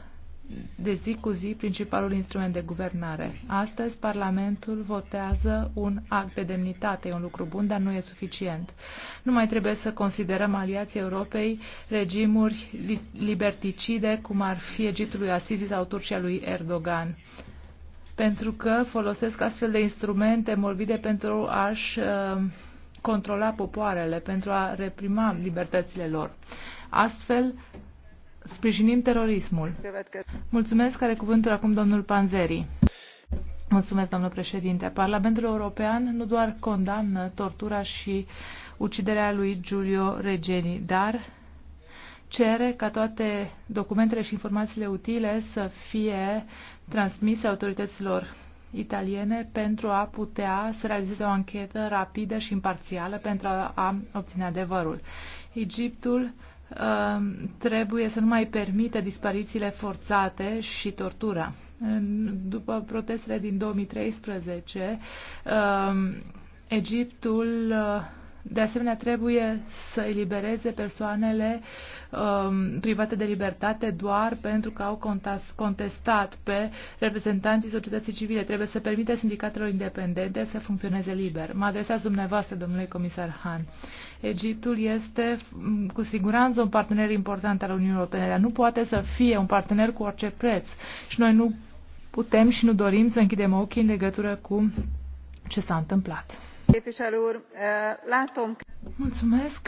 de zi cu zi principalul instrument de guvernare. Astăzi, Parlamentul votează un act de demnitate. E un lucru bun, dar nu e suficient. Nu mai trebuie să considerăm aliații Europei regimuri liberticide, cum ar fi Egiptul lui Asizi sau Turcia lui Erdogan pentru că folosesc astfel de instrumente morbide pentru a-și uh, controla popoarele, pentru a reprima libertățile lor. Astfel, sprijinim terorismul. Mulțumesc, care cuvântul acum domnul Panzeri. Mulțumesc, domnul președinte. Parlamentul European nu doar condamnă tortura și uciderea lui Giulio Regeni, dar cere ca toate documentele și informațiile utile să fie transmise autorităților italiene pentru a putea să realizeze o anchetă rapidă și imparțială pentru a obține adevărul. Egiptul Ehm, trebuie să nu mai permită disparițiile forțate și tortura. După protestele din 2013, ehm, Egiptul de asemenea, trebuie să elibereze persoanele um, private de libertate doar pentru că au contestat pe reprezentanții societății civile. Trebuie să permite sindicatelor independente să funcționeze liber. Mă adresați dumneavoastră, domnule comisar Han. Egiptul este mm, cu siguranță un partener important al Uniunii Europene, dar nu poate să fie un partener cu orice preț. Și noi nu putem și nu dorim să închidem ochii în legătură cu ce s-a întâmplat. Eh, Mulțumesc.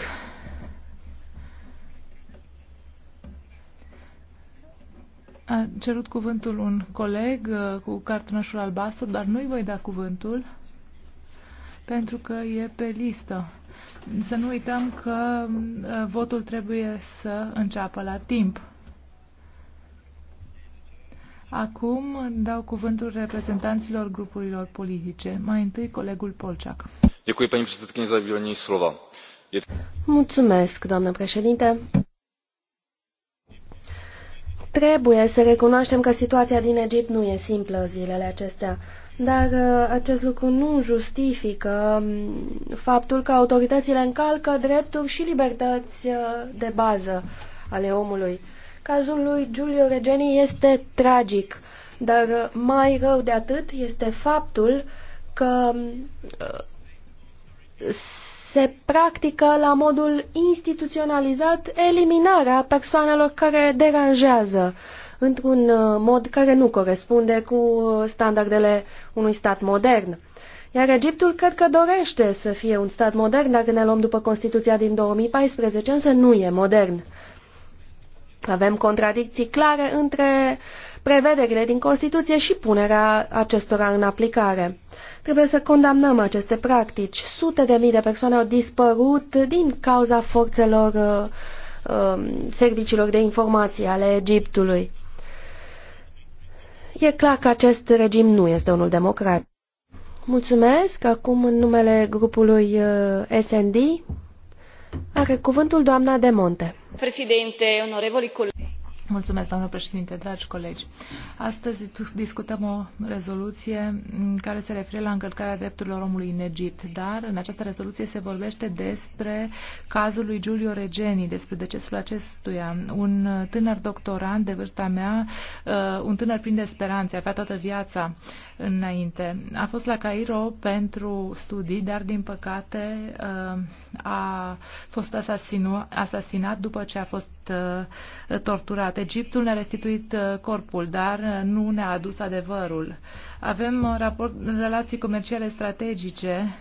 A cerut cuvântul un coleg eh, cu cartonașul albastru, dar nu-i voi da cuvântul pentru că e pe listă. Să nu uităm că mm, eh, votul trebuie să înceapă la timp. Acum dau cuvântul reprezentanților grupurilor politice. Mai întâi colegul Polciac. Mulțumesc, doamnă președinte. Trebuie să recunoaștem că situația din Egipt nu e simplă zilele acestea, dar uh, acest lucru nu justifică um, faptul că autoritățile încalcă drepturi și libertăți uh, de bază ale omului. Cazul lui Giulio Regeni este tragic, dar mai rău de atât este faptul că uh, se practică la modul instituționalizat eliminarea persoanelor care deranjează într-un uh, mod care nu corespunde cu standardele unui stat modern. Iar Egiptul cred că dorește să fie un stat modern dacă ne luăm după Constituția din 2014, însă nu e modern. Avem contradicții clare între prevederile din Constituție și punerea acestora în aplicare. Trebuie să condamnăm aceste practici. Sute de mii de persoane au dispărut din cauza forțelor uh, um, serviciilor de informații ale Egiptului. E clar că acest regim nu este unul democrat. Mulțumesc. Acum, în numele grupului uh, SND, are cuvântul doamna de Monte. Președinte, onorevoli Mulțumesc, doamnă președinte, dragi colegi. Astăzi discutăm o rezoluție care se referă la încălcarea drepturilor omului în Egipt, dar în această rezoluție se vorbește despre cazul lui Giulio Regeni, despre decesul acestuia. Un tânăr doctorant de vârsta mea, uh, un tânăr plin de speranțe, avea toată viața înainte. A fost la Cairo pentru studii, dar din păcate uh, a fost asasinat după ce a fost fost uh, torturat. Egiptul ne-a restituit uh, corpul, dar uh, nu ne-a adus adevărul. Avem raport, relații comerciale strategice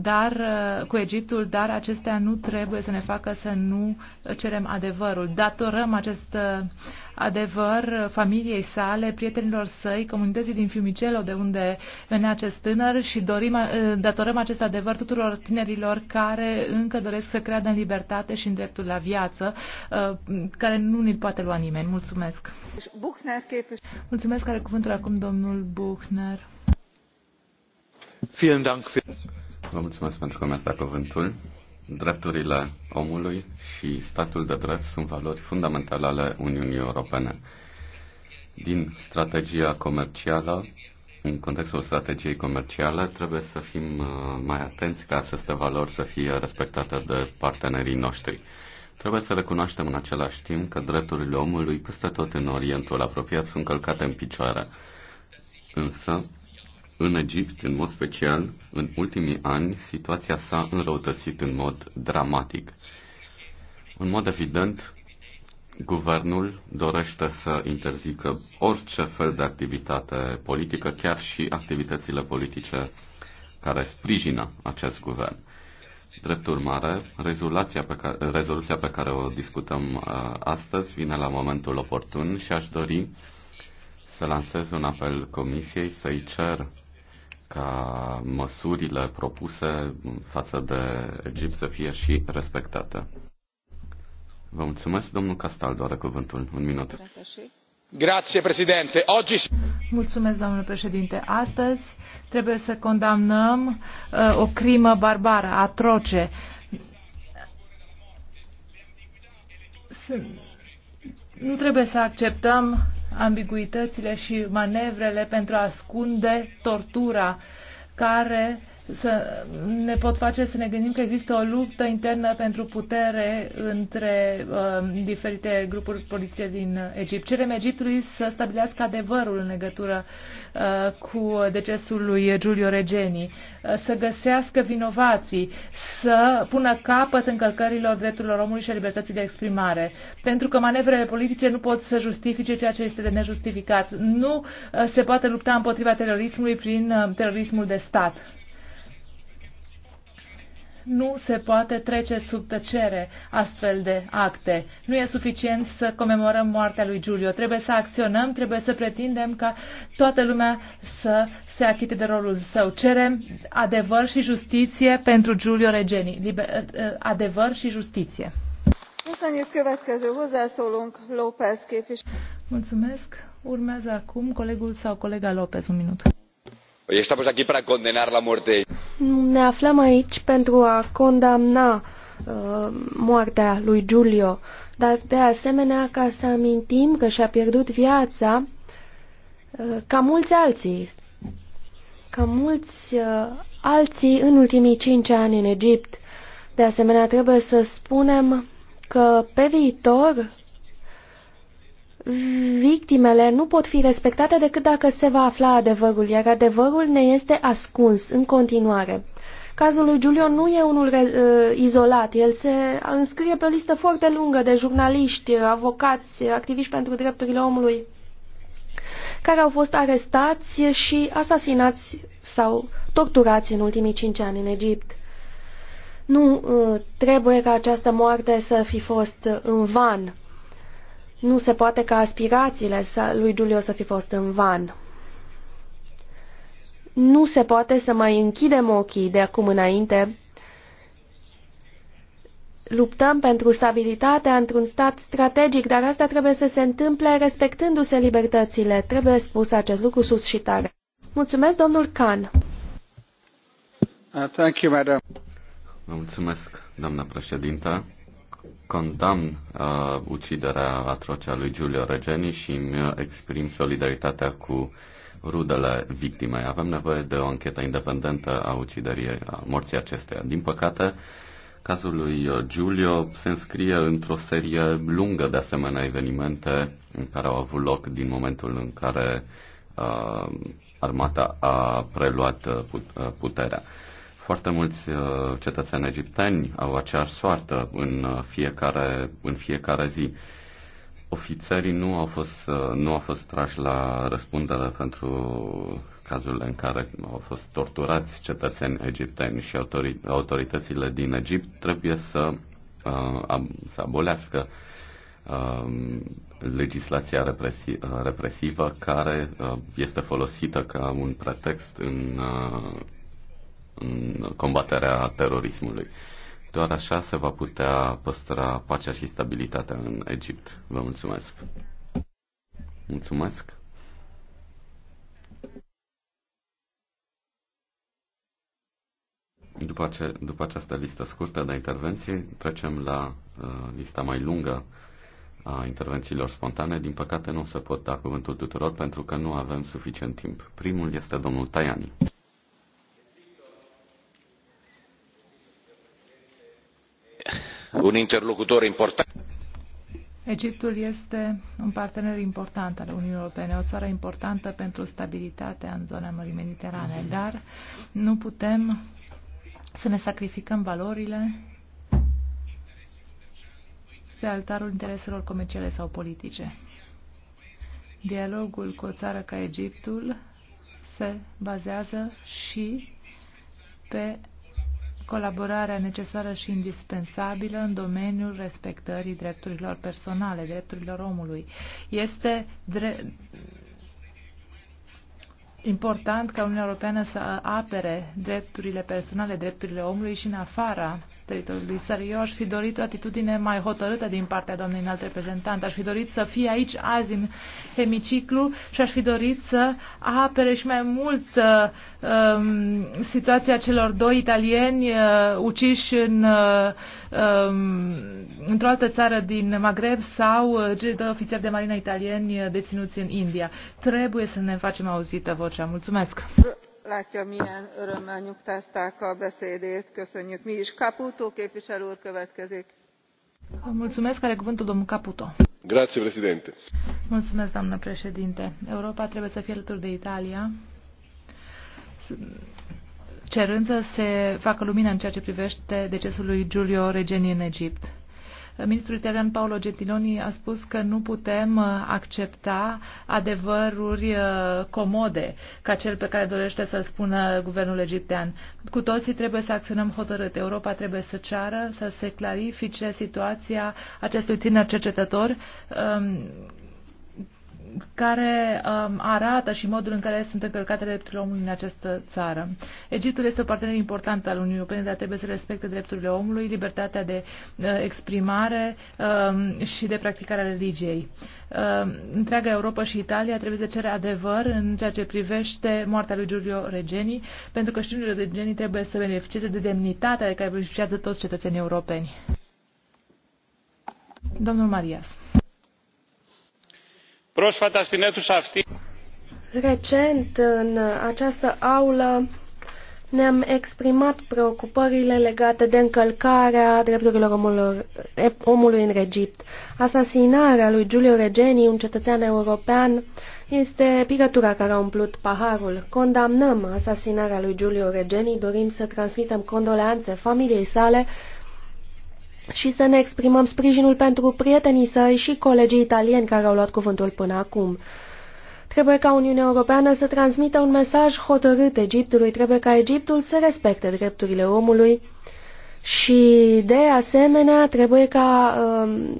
dar, uh, cu Egiptul, dar acestea nu trebuie să ne facă să nu cerem adevărul. Datorăm acest uh, adevăr familiei sale, prietenilor săi, comunității din Fiumicelo, de unde venea acest tânăr și dorim, uh, datorăm acest adevăr tuturor tinerilor care încă doresc să creadă în libertate și în dreptul la viață, care nu ni-l poate lua nimeni. Mulțumesc! Mulțumesc, are cuvântul acum domnul Buchner. Vielen Dank. Vă mulțumesc pentru că mi-ați dat cuvântul. Drepturile omului și statul de drept sunt valori fundamentale ale Uniunii Europene. Din strategia comercială, în contextul strategiei comerciale, trebuie să fim uh, mai atenți ca aceste valori să fie respectate de partenerii noștri. Trebuie să recunoaștem în același timp că drepturile omului peste tot în Orientul apropiat sunt călcate în picioare. Însă, în Egipt, în mod special, în ultimii ani, situația s-a înrăutățit în mod dramatic. În mod evident, guvernul dorește să interzică orice fel de activitate politică, chiar și activitățile politice care sprijină acest guvern. Drept urmare, rezoluția pe care, rezoluția pe care o discutăm uh, astăzi vine la momentul oportun și aș dori să lansez un apel Comisiei să-i cer ca măsurile propuse față de Egipt să fie și respectate. Vă mulțumesc, domnul Castaldo doar cuvântul. Un minut. Grazie, președinte. Oggi... Mulțumesc, domnule președinte. Astăzi trebuie să condamnăm uh, o crimă barbară, atroce. Nu trebuie să acceptăm ambiguitățile și manevrele pentru a ascunde tortura care să ne pot face să ne gândim că există o luptă internă pentru putere între uh, diferite grupuri politice din Egipt. Cerem Egiptului să stabilească adevărul în legătură uh, cu decesul lui Giulio Regeni, uh, să găsească vinovații, să pună capăt încălcărilor drepturilor omului și a libertății de exprimare, pentru că manevrele politice nu pot să justifice ceea ce este de nejustificat. Nu uh, se poate lupta împotriva terorismului prin uh, terorismul de stat nu se poate trece sub tăcere astfel de acte. Nu e suficient să comemorăm moartea lui Giulio. Trebuie să acționăm, trebuie să pretindem ca toată lumea să se achite de rolul său. Cerem adevăr și justiție pentru Giulio Regeni. Liber, uh, uh, adevăr și justiție. Mulțumesc. Urmează acum colegul sau colega Lopez. Un minut Păi estamos aquí para condenar la muerte. Ne aflăm aici pentru a condamna uh, moartea lui Giulio, dar de asemenea ca să amintim că și-a pierdut viața uh, ca mulți alții, ca mulți uh, alții în ultimii cinci ani în Egipt. De asemenea, trebuie să spunem că pe viitor Victimele nu pot fi respectate decât dacă se va afla adevărul, iar adevărul ne este ascuns în continuare. Cazul lui Giulio nu e unul uh, izolat, el se înscrie pe o listă foarte lungă de jurnaliști, avocați, activiști pentru drepturile omului, care au fost arestați și asasinați sau torturați în ultimii cinci ani în Egipt. Nu uh, trebuie ca această moarte să fi fost în van. Nu se poate ca aspirațiile lui Giulio să fi fost în van. Nu se poate să mai închidem ochii de acum înainte. Luptăm pentru stabilitatea într-un stat strategic, dar asta trebuie să se întâmple respectându-se libertățile. Trebuie spus acest lucru sus și tare. Mulțumesc, domnul Khan. Uh, thank you, madam. mulțumesc, doamna președintă condamn uh, uciderea atroce a lui Giulio Regeni și îmi uh, exprim solidaritatea cu rudele victimei. Avem nevoie de o anchetă independentă a uciderii, a morții acesteia. Din păcate, cazul lui uh, Giulio se înscrie într-o serie lungă de asemenea evenimente în care au avut loc din momentul în care uh, armata a preluat uh, puterea. Foarte mulți uh, cetățeni egipteni au aceeași soartă în uh, fiecare, în fiecare zi. Ofițerii nu au fost, uh, nu au fost trași la răspundere pentru cazul în care au fost torturați cetățeni egipteni și autoritățile din Egipt trebuie să, să abolească um, legislația represivă care este folosită ca un pretext în în combaterea terorismului. Doar așa se va putea păstra pacea și stabilitatea în Egipt. Vă mulțumesc. Mulțumesc. După, ace- după această listă scurtă de intervenții, trecem la uh, lista mai lungă a intervențiilor spontane. Din păcate nu se pot da cuvântul tuturor pentru că nu avem suficient timp. Primul este domnul Tajani. un interlocutor important. Egiptul este un partener important al Uniunii Europene, o țară importantă pentru stabilitatea în zona Mării Mediterane, dar nu putem să ne sacrificăm valorile pe altarul intereselor comerciale sau politice. Dialogul cu o țară ca Egiptul se bazează și pe colaborarea necesară și indispensabilă în domeniul respectării drepturilor personale, drepturilor omului. Este dre important ca Uniunea Europeană să apere drepturile personale, drepturile omului și în afara teritoriului său. Eu aș fi dorit o atitudine mai hotărâtă din partea doamnei înalt reprezentant. Aș fi dorit să fie aici azi în hemiciclu și aș fi dorit să apere și mai mult uh, um, situația celor doi italieni uh, uciși în, uh, um, într-o altă țară din Maghreb sau uh, cei doi ofițeri de marină italieni uh, deținuți în India. Trebuie să ne facem auzită vocea. Mulțumesc! látja milyen örömmel nyugtázták a beszédét köszönjük mi is. caputo képviselő úr következik. Mulțumesc, Caputo. Grazie, președinte. Mulțumesc, doamnă președinte. Europa trebuie să fie alături de Italia, cerând să se facă lumină în ceea ce privește decesul lui Giulio Regeni în Egipt Ministrul italian Paolo Gentiloni a spus că nu putem uh, accepta adevăruri uh, comode ca cel pe care dorește să-l spună guvernul egiptean. Cu toții trebuie să acționăm hotărât. Europa trebuie să ceară, să se clarifice situația acestui tânăr cercetător um, care um, arată și modul în care sunt încălcate drepturile omului în această țară. Egiptul este o partener important al Uniunii Europene, dar trebuie să respecte drepturile omului, libertatea de uh, exprimare uh, și de practicare a religiei. Uh, întreaga Europa și Italia trebuie să cere adevăr în ceea ce privește moartea lui Giulio Regeni, pentru că și Giulio Regeni trebuie să beneficieze de demnitatea de care beneficiază toți cetățenii europeni. Domnul Marias. Recent, în această aulă, ne-am exprimat preocupările legate de încălcarea drepturilor omului, omului în Egipt. Asasinarea lui Giulio Regeni, un cetățean european, este piratura care a umplut paharul. Condamnăm asasinarea lui Giulio Regeni, dorim să transmitem condoleanțe familiei sale și să ne exprimăm sprijinul pentru prietenii săi și colegii italieni care au luat cuvântul până acum. Trebuie ca Uniunea Europeană să transmită un mesaj hotărât Egiptului, trebuie ca Egiptul să respecte drepturile omului și, de asemenea, trebuie ca um,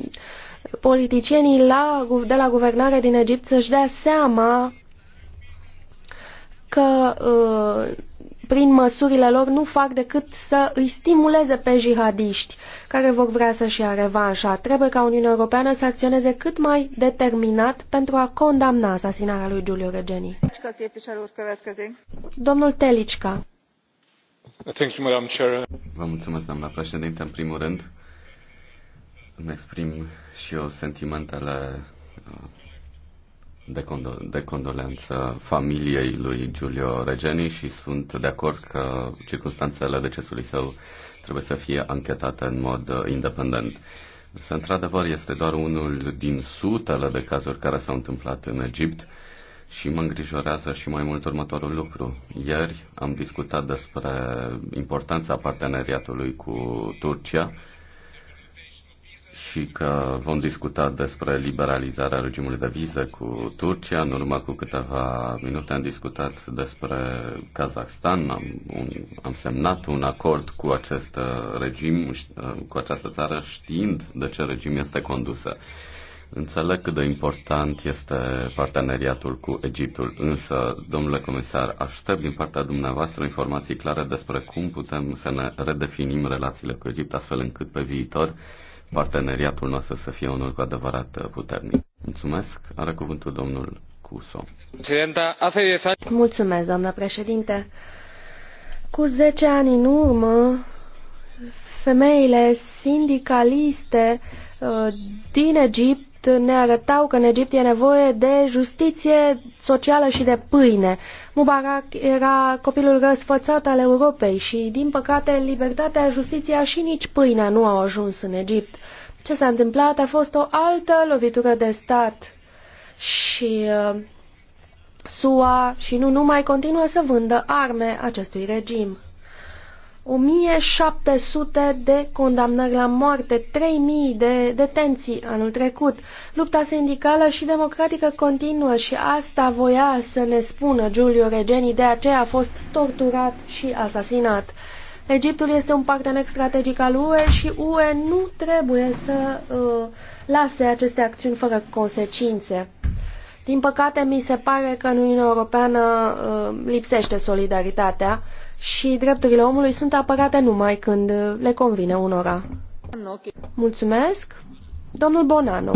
politicienii la, de la guvernare din Egipt să-și dea seama că uh, prin măsurile lor nu fac decât să îi stimuleze pe jihadiști care vor vrea să-și ia revanșa. Trebuie ca Uniunea Europeană să acționeze cât mai determinat pentru a condamna asasinarea lui Giulio Regeni. Domnul Telicca. Vă mulțumesc, doamna președinte. În primul rând, îmi exprim și eu sentimentele uh, de, condo- de condolență familiei lui Giulio Regeni și sunt de acord că circunstanțele decesului său trebuie să fie anchetate în mod uh, independent. Să într-adevăr, este doar unul din sutele de cazuri care s-au întâmplat în Egipt și mă îngrijorează și mai mult următorul lucru. Ieri am discutat despre importanța parteneriatului cu Turcia și că vom discuta despre liberalizarea regimului de vize cu Turcia. În urmă cu câteva minute am discutat despre Kazakhstan. Am, un, am semnat un acord cu acest regim, cu această țară, știind de ce regim este condusă. Înțeleg cât de important este parteneriatul cu Egiptul, însă, domnule comisar, aștept din partea dumneavoastră informații clare despre cum putem să ne redefinim relațiile cu Egipt, astfel încât pe viitor parteneriatul nostru să fie unul cu adevărat uh, puternic. Mulțumesc. Are cuvântul domnul Cuso. Mulțumesc, doamnă președinte. Cu 10 ani în urmă, femeile sindicaliste uh, din Egipt Egipt ne arătau că în Egipt e nevoie de justiție socială și de pâine. Mubarak era copilul răsfățat al Europei și, din păcate, libertatea, justiția și nici pâinea nu au ajuns în Egipt. Ce s-a întâmplat a fost o altă lovitură de stat și uh, SUA și nu numai continuă să vândă arme acestui regim. 1700 de condamnări la moarte, 3000 de detenții anul trecut. Lupta sindicală și democratică continuă și asta voia să ne spună Giulio Regeni, de aceea a fost torturat și asasinat. Egiptul este un partener strategic al UE și UE nu trebuie să uh, lase aceste acțiuni fără consecințe. Din păcate, mi se pare că în Uniunea Europeană uh, lipsește solidaritatea. Uh, și drepturile omului sunt apărate numai când le convine unora. Mulțumesc. Domnul Bonano.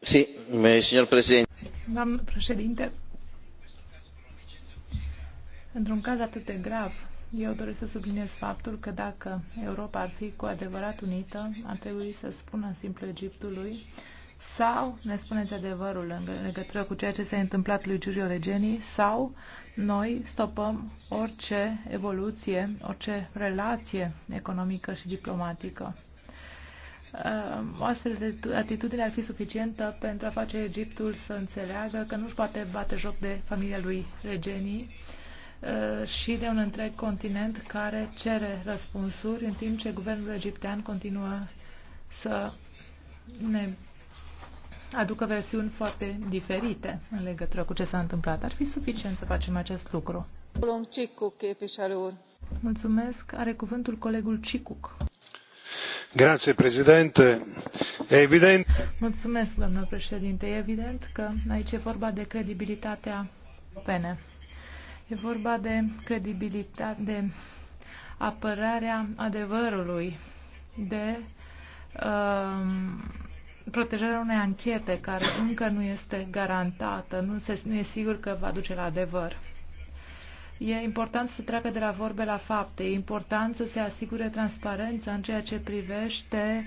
Si, signor președinte. Doamnă președinte, într-un caz atât de grav, eu doresc să subliniez faptul că dacă Europa ar fi cu adevărat unită, ar trebui să spună simplu Egiptului sau ne spuneți adevărul în legătură cu ceea ce s-a întâmplat lui Giulio Regeni, sau noi stopăm orice evoluție, orice relație economică și diplomatică. Uh, o astfel de atitudine ar fi suficientă pentru a face Egiptul să înțeleagă că nu-și poate bate joc de familia lui Regeni uh, și de un întreg continent care cere răspunsuri, în timp ce guvernul egiptean continuă să ne aducă versiuni foarte diferite în legătură cu ce s-a întâmplat. Ar fi suficient să facem acest lucru. Mulțumesc. Are cuvântul colegul Cicuc. Grazie, președinte. E evident... Mulțumesc, domnul președinte. E evident că aici e vorba de credibilitatea pene. E vorba de credibilitate, de apărarea adevărului, de uh, protejarea unei anchete care încă nu este garantată, nu, se, nu e sigur că va duce la adevăr. E important să treacă de la vorbe la fapte, e important să se asigure transparența în ceea ce privește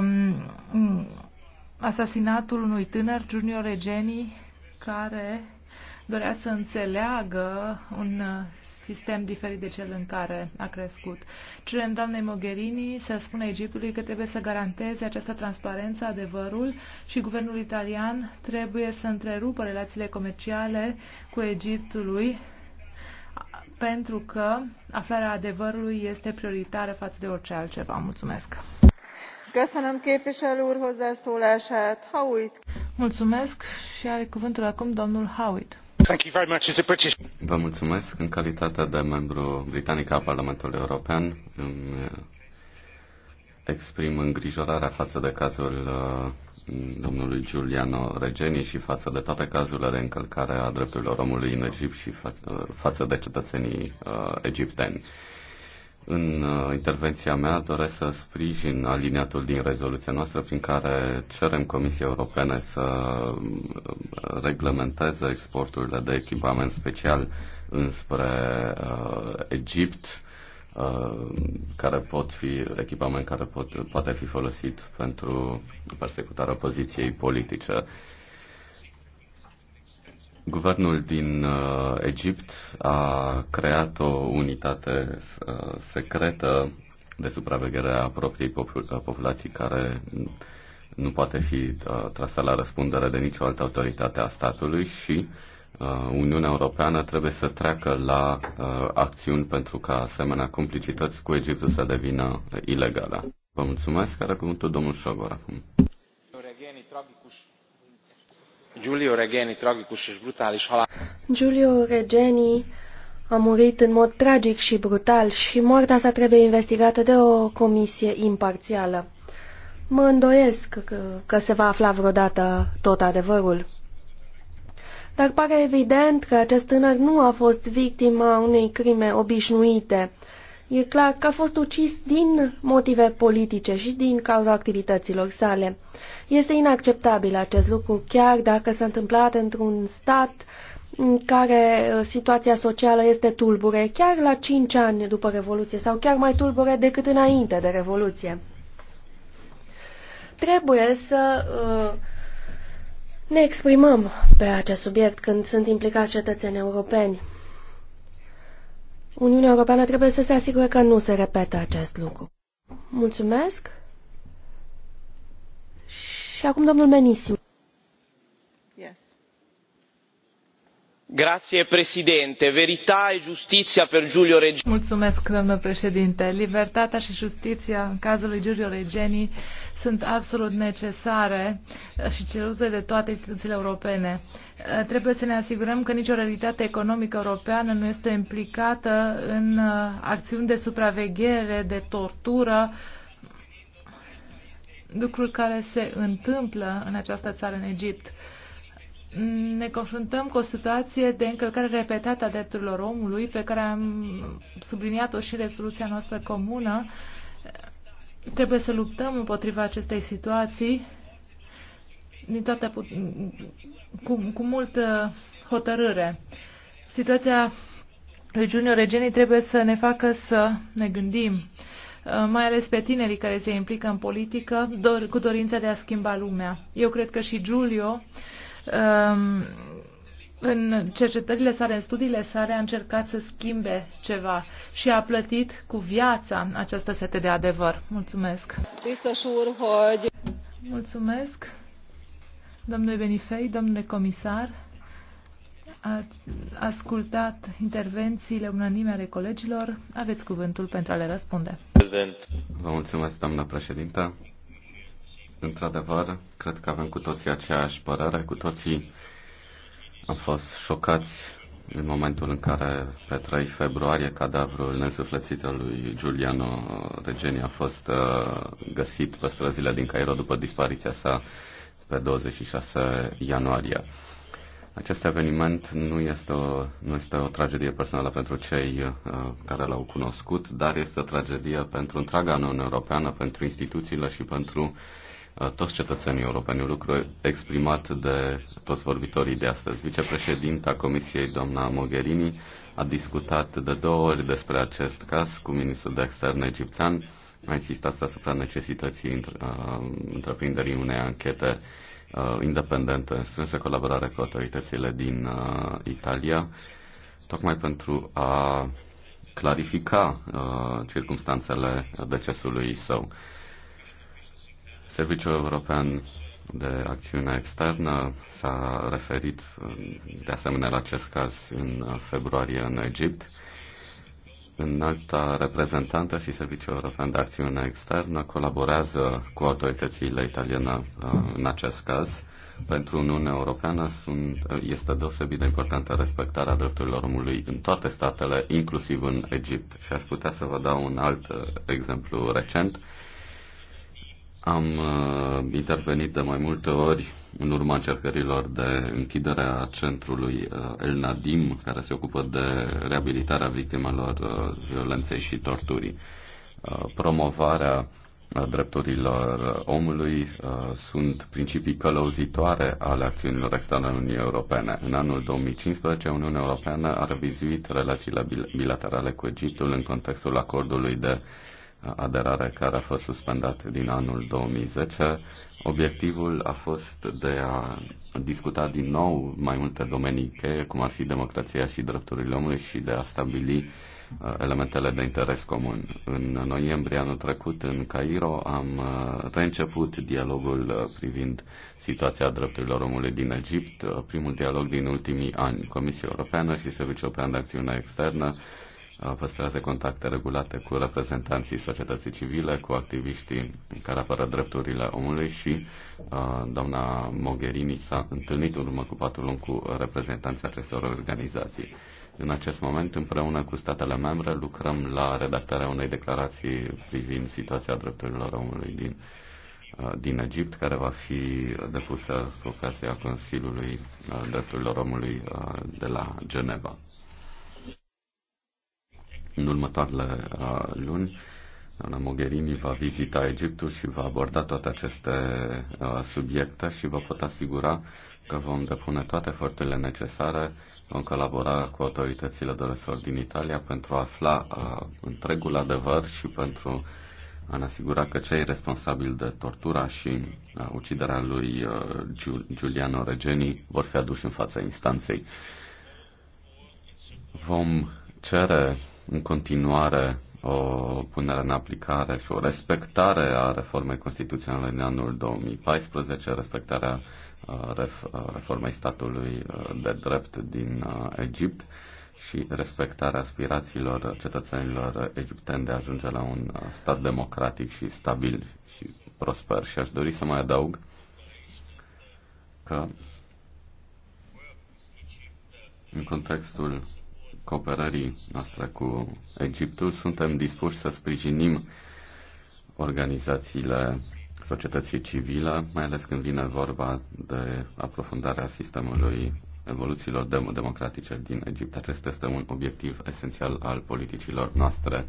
um, asasinatul unui tânăr, Junior Egeni, care dorea să înțeleagă un sistem diferit de cel în care a crescut. Cerem doamnei Mogherini să spună Egiptului că trebuie să garanteze această transparență, adevărul și guvernul italian trebuie să întrerupă relațiile comerciale cu Egiptului pentru că aflarea adevărului este prioritară față de orice altceva. Mulțumesc! Mulțumesc și are cuvântul acum domnul Howitt. Vă mulțumesc. În calitate de membru britanic al Parlamentului European, îmi eh, exprim îngrijorarea față de cazul eh, domnului Giuliano Regeni și față de toate cazurile de încălcare a drepturilor omului în Egipt și față de cetățenii eh, egipteni. În uh, intervenția mea doresc să sprijin aliniatul din rezoluția noastră prin care cerem Comisiei Europene să uh, reglementeze exporturile de echipament special înspre uh, Egipt, uh, care pot fi echipament care pot, poate fi folosit pentru persecutarea poziției politice. Uh, Guvernul din uh, Egipt a creat o unitate uh, secretă de supraveghere a propriei popul- populații care nu poate fi uh, trasă la răspundere de nicio altă autoritate a statului și uh, Uniunea Europeană trebuie să treacă la uh, acțiuni pentru ca asemenea complicități cu Egiptul să devină ilegală. Vă mulțumesc. care cuvântul domnul Șogor acum. Giulio Regeni, tragicus și și halal. Giulio Regeni a murit în mod tragic și brutal și moartea sa trebuie investigată de o comisie imparțială. Mă îndoiesc că, că se va afla vreodată tot adevărul. Dar pare evident că acest tânăr nu a fost victima unei crime obișnuite E clar că a fost ucis din motive politice și din cauza activităților sale. Este inacceptabil acest lucru, chiar dacă s-a întâmplat într-un stat în care uh, situația socială este tulbure, chiar la 5 ani după Revoluție sau chiar mai tulbure decât înainte de Revoluție. Trebuie să uh, ne exprimăm pe acest subiect când sunt implicați cetățeni europeni. Uniunea Europeană trebuie să se asigure că nu se repetă acest lucru. Mulțumesc. Și acum domnul Menisiu. Grazie, președinte. Verità e giustizia per Giulio Regeni. Mulțumesc, domnule președinte. Libertatea și justiția în cazul lui Giulio Regeni sunt absolut necesare și cerute de toate instituțiile europene. Trebuie să ne asigurăm că nicio realitate economică europeană nu este implicată în uh, acțiuni de supraveghere, de tortură, lucruri care se întâmplă în această țară, în Egipt ne confruntăm cu o situație de încălcare repetată a drepturilor omului, pe care am subliniat-o și rezoluția noastră comună. Trebuie să luptăm împotriva acestei situații din toată, cu, cu multă hotărâre. Situația regiunii regenii trebuie să ne facă să ne gândim, uh, mai ales pe tinerii care se implică în politică dor, cu dorința de a schimba lumea. Eu cred că și Giulio uh, Um, în cercetările sale, în studiile sale, a încercat să schimbe ceva și a plătit cu viața această sete de adevăr. Mulțumesc! Mulțumesc, domnule Benifei, domnule comisar. A ascultat intervențiile unanime ale colegilor. Aveți cuvântul pentru a le răspunde. Vă mulțumesc, doamna președintă. Într-adevăr, cred că avem cu toții aceeași părere, cu toții am fost șocați în momentul în care, pe 3 februarie, cadavrul nesuflețit al lui Giuliano Regeni a fost uh, găsit pe străzile din Cairo după dispariția sa pe 26 ianuarie. Acest eveniment nu este o, nu este o tragedie personală pentru cei uh, care l-au cunoscut, dar este o tragedie pentru întreaga Uniune Europeană, pentru instituțiile și pentru Uh, toți cetățenii europeni, un lucru exprimat de toți vorbitorii de astăzi. Vicepreședinta Comisiei, doamna Mogherini, a discutat de două ori despre acest caz cu ministrul de externe egiptean, a insistat asupra necesității uh, întreprinderii unei anchete uh, independente în strânsă colaborare cu autoritățile din Italia, tocmai pentru a clarifica circumstanțele decesului său. Serviciul European de Acțiune Externă s-a referit de asemenea la acest caz în februarie în Egipt. În alta reprezentantă și Serviciul European de Acțiune Externă colaborează cu autoritățile italiene uh, în acest caz. Pentru Uniunea Europeană sunt, este deosebit de importantă respectarea drepturilor omului în toate statele, inclusiv în Egipt. Și aș putea să vă dau un alt uh, exemplu recent am uh, intervenit de mai multe ori în urma încercărilor de închidere a centrului uh, El Nadim, care se ocupă de reabilitarea victimelor uh, violenței și torturii. Uh, promovarea uh, drepturilor omului uh, sunt principii călăuzitoare ale acțiunilor externe ale Uniunii Europene. În anul 2015, Uniunea Europeană a revizuit relațiile bilaterale cu Egiptul în contextul acordului de aderare care a fost suspendat din anul 2010. Obiectivul a fost de a discuta din nou mai multe domenii cheie, cum ar fi democrația și drepturile omului și de a stabili uh, elementele de interes comun. În noiembrie anul trecut, în Cairo, am uh, reînceput dialogul uh, privind situația drepturilor omului din Egipt, primul dialog din ultimii ani. Comisia Europeană și Serviciul European de Acțiune Externă păstrează contacte regulate cu reprezentanții societății civile, cu activiștii care apără drepturile omului și uh, doamna Mogherini s-a întâlnit în urmă cu patru luni cu reprezentanții acestor organizații. În acest moment, împreună cu statele membre, lucrăm la redactarea unei declarații privind situația drepturilor omului din, uh, din Egipt, care va fi depusă cu ocazia Consiliului uh, Drepturilor Omului de la Geneva. În următoarele luni, doamna Mogherini va vizita Egiptul și va aborda toate aceste subiecte și vă pot asigura că vom depune toate eforturile necesare, vom colabora cu autoritățile de resort din Italia pentru a afla uh, întregul adevăr și pentru a ne asigura că cei responsabili de tortura și uh, uciderea lui uh, Giuliano Regeni vor fi aduși în fața instanței. Vom cere în continuare o punere în aplicare și o respectare a reformei constituționale din anul 2014, respectarea uh, uh, reformei statului uh, de drept din Egipt și respectarea aspirațiilor cetățenilor egipteni de a ajunge la un stat democratic și stabil și prosper. Și aș dori să mai adaug că în contextul cooperării noastre cu Egiptul. Suntem dispuși să sprijinim organizațiile societății civile, mai ales când vine vorba de aprofundarea sistemului evoluțiilor democratice din Egipt. Acesta este un obiectiv esențial al politicilor noastre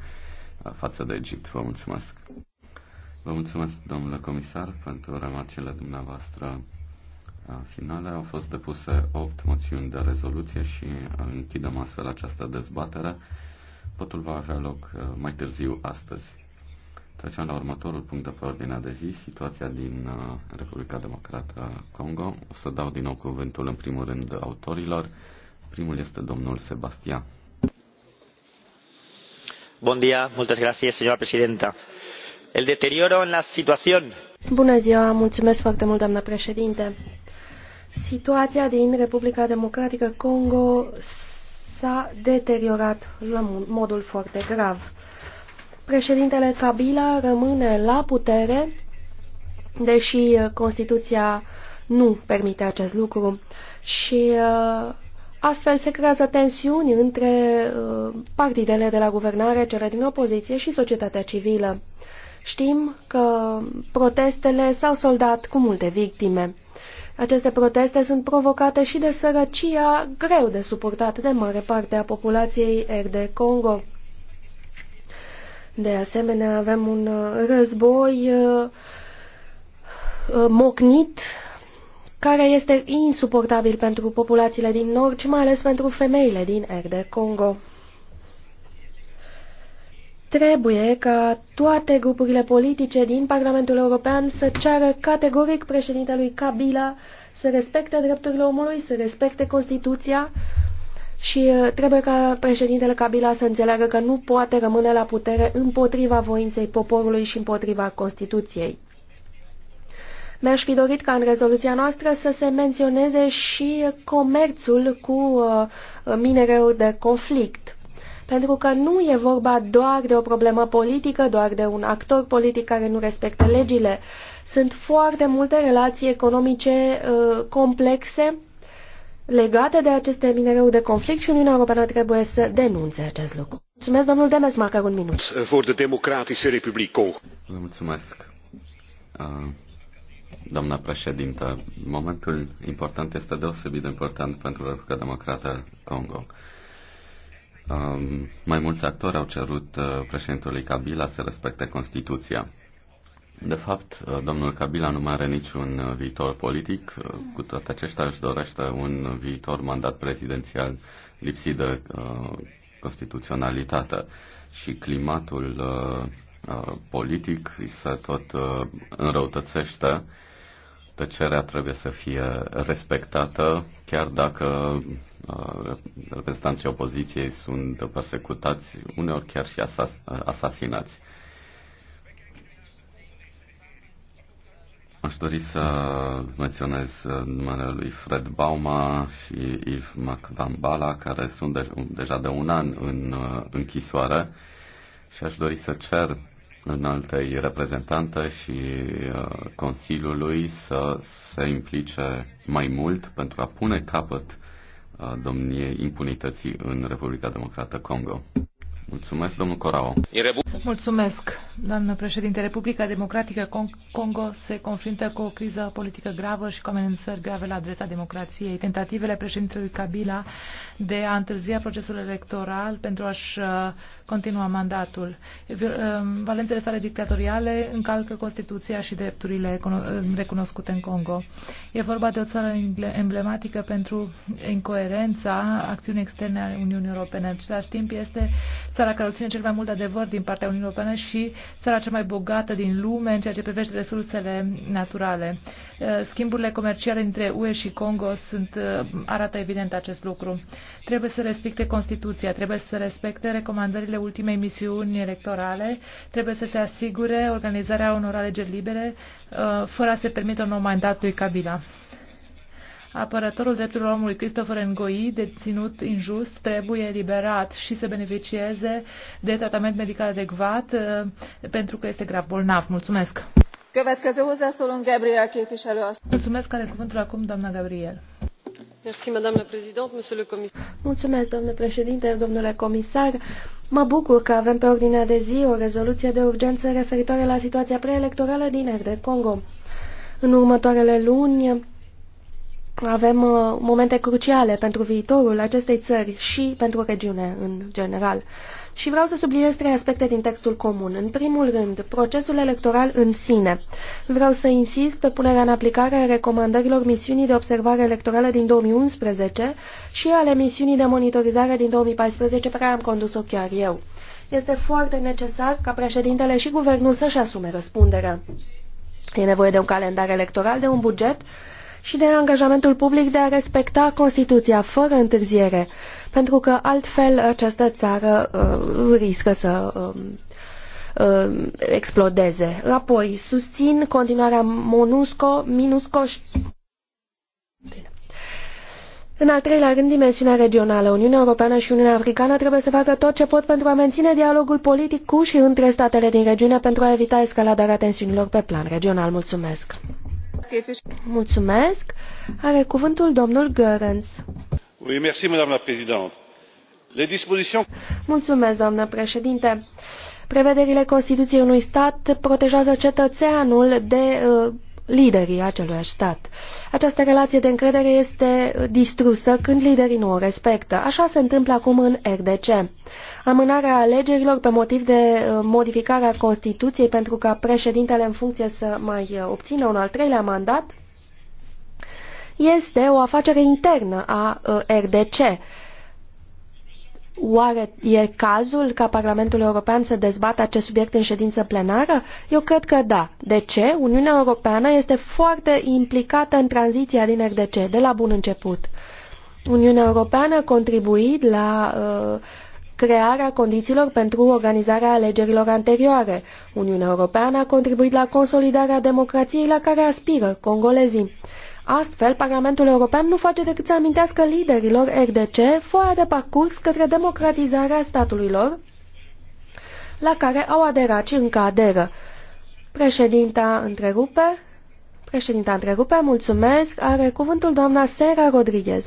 uh, față de Egipt. Vă mulțumesc! Vă mulțumesc, domnule comisar, pentru remarcile dumneavoastră finale au fost depuse 8 moțiuni de rezoluție și uh, închidem astfel această dezbatere. Votul va avea loc uh, mai târziu astăzi. Trecem la următorul punct de pe ordinea de zi, situația din uh, Republica Democrată Congo. O să dau din nou cuvântul în primul rând autorilor. Primul este domnul Sebastian. Bun dia, multe gracias, señora presidenta. El deterioro în la situație. Bună ziua, mulțumesc foarte mult, doamna președinte Situația din Republica Democratică Congo s-a deteriorat la modul foarte grav. Președintele Kabila rămâne la putere, deși uh, Constituția nu permite acest lucru și uh, astfel se creează tensiuni între uh, partidele de la guvernare, cele din opoziție și societatea civilă. Știm că protestele s-au soldat cu multe victime. Aceste proteste sunt provocate și de sărăcia greu de suportată de mare parte a populației RD Congo. De asemenea, avem un uh, război uh, uh, mocnit care este insuportabil pentru populațiile din nord și mai ales pentru femeile din RD Congo. Trebuie ca toate grupurile politice din Parlamentul European să ceară categoric președintelui Kabila să respecte drepturile omului, să respecte Constituția și uh, trebuie ca președintele Kabila să înțeleagă că nu poate rămâne la putere împotriva voinței poporului și împotriva Constituției. Mi-aș fi dorit ca în rezoluția noastră să se menționeze și comerțul cu uh, minereuri de conflict pentru că nu e vorba doar de o problemă politică, doar de un actor politic care nu respectă legile. Sunt foarte multe relații economice uh, complexe legate de aceste minereuri de conflict și Uniunea Europeană trebuie să denunțe acest lucru. Mulțumesc, domnul Demesmacher, un minut. Voor de Democratische Republic Vă mulțumesc. Uh... Doamna președintă, momentul important este deosebit de important pentru Republica Democrată Congo. Um, mai mulți actori au cerut uh, președintelui Kabila să respecte Constituția. De fapt, uh, domnul Kabila nu mai are niciun uh, viitor politic, uh, cu toate acestea își dorește un viitor mandat prezidențial lipsit de uh, constituționalitate și climatul uh, uh, politic se tot uh, înrăutățește. Tăcerea trebuie să fie respectată, chiar dacă Uh, reprezentanții opoziției sunt persecutați, uneori chiar și asas- uh, asasinați. Aș dori să menționez uh, numele lui Fred Bauma și Yves McVambala, care sunt deja de un an în închisoare și aș dori să cer în altei reprezentante și Consiliului să se implice mai mult pentru a pune capăt domniei impunității în Republica Democrată Congo. Mulțumesc, domnul Corao. Mulțumesc, doamnă președinte. Republica Democratică Congo se confruntă cu o criză politică gravă și cu amenințări grave la adresa democrației. Tentativele președintelui Kabila de a întârzia procesul electoral pentru a-și uh, continua mandatul. Uh, valențele sale dictatoriale încalcă Constituția și drepturile uh, recunoscute în Congo. E vorba de o țară emblematică pentru incoerența acțiunii externe ale Uniunii Europene. În același timp, este țara care obține cel mai mult adevăr din partea Uniunii Europene și țara cea mai bogată din lume în ceea ce privește resursele naturale. Uh, schimburile comerciale între UE și Congo sunt, uh, arată evident acest lucru. Trebuie să respecte Constituția, trebuie să respecte recomandările ultimei misiuni electorale, trebuie să se asigure organizarea unor alegeri libere, uh, fără a se permite un nou mandat lui Kabila. Apărătorul drepturilor omului Christopher Ngoi, deținut injust, trebuie eliberat și să beneficieze de tratament medical adecvat uh, pentru că este grav bolnav. Mulțumesc! Mulțumesc, care cuvântul acum, doamna Gabriel. Mulțumesc, domnule președinte, domnule comisar. Mă bucur că avem pe ordinea de zi o rezoluție de urgență referitoare la situația preelectorală din Erde, Congo. În următoarele luni, avem uh, momente cruciale pentru viitorul acestei țări și pentru regiune în general. Și vreau să subliniez trei aspecte din textul comun. În primul rând, procesul electoral în sine. Vreau să insist pe punerea în aplicare a recomandărilor misiunii de observare electorală din 2011 și ale misiunii de monitorizare din 2014 pe care am condus-o chiar eu. Este foarte necesar ca președintele și guvernul să-și asume răspunderea. E nevoie de un calendar electoral, de un buget și de angajamentul public de a respecta Constituția fără întârziere, pentru că altfel această țară uh, riscă să uh, uh, explodeze. Apoi, susțin continuarea MONUSCO, MINUSCO și... În al treilea rând, dimensiunea regională. Uniunea Europeană și Uniunea Africană trebuie să facă tot ce pot pentru a menține dialogul politic cu și între statele din regiune pentru a evita escaladarea tensiunilor pe plan regional. Mulțumesc! Mulțumesc. Are cuvântul domnul Görens. Mulțumesc, doamnă președinte. Prevederile Constituției unui stat protejează cetățeanul de uh, liderii acelui stat. Această relație de încredere este distrusă când liderii nu o respectă. Așa se întâmplă acum în RDC. Amânarea alegerilor pe motiv de uh, modificarea Constituției pentru ca președintele în funcție să mai uh, obțină un al treilea mandat este o afacere internă a uh, RDC Oare e cazul ca Parlamentul European să dezbată acest subiect în ședință plenară? Eu cred că da. De ce? Uniunea Europeană este foarte implicată în tranziția din RDC, de la bun început. Uniunea Europeană a contribuit la uh, crearea condițiilor pentru organizarea alegerilor anterioare. Uniunea Europeană a contribuit la consolidarea democrației la care aspiră congolezii. Astfel, Parlamentul European nu face decât să amintească liderilor RDC foaia de parcurs către democratizarea statului lor, la care au aderat și încă aderă. Președinta întrerupe. Președinta întrerupe, mulțumesc. Are cuvântul doamna Sera Rodriguez.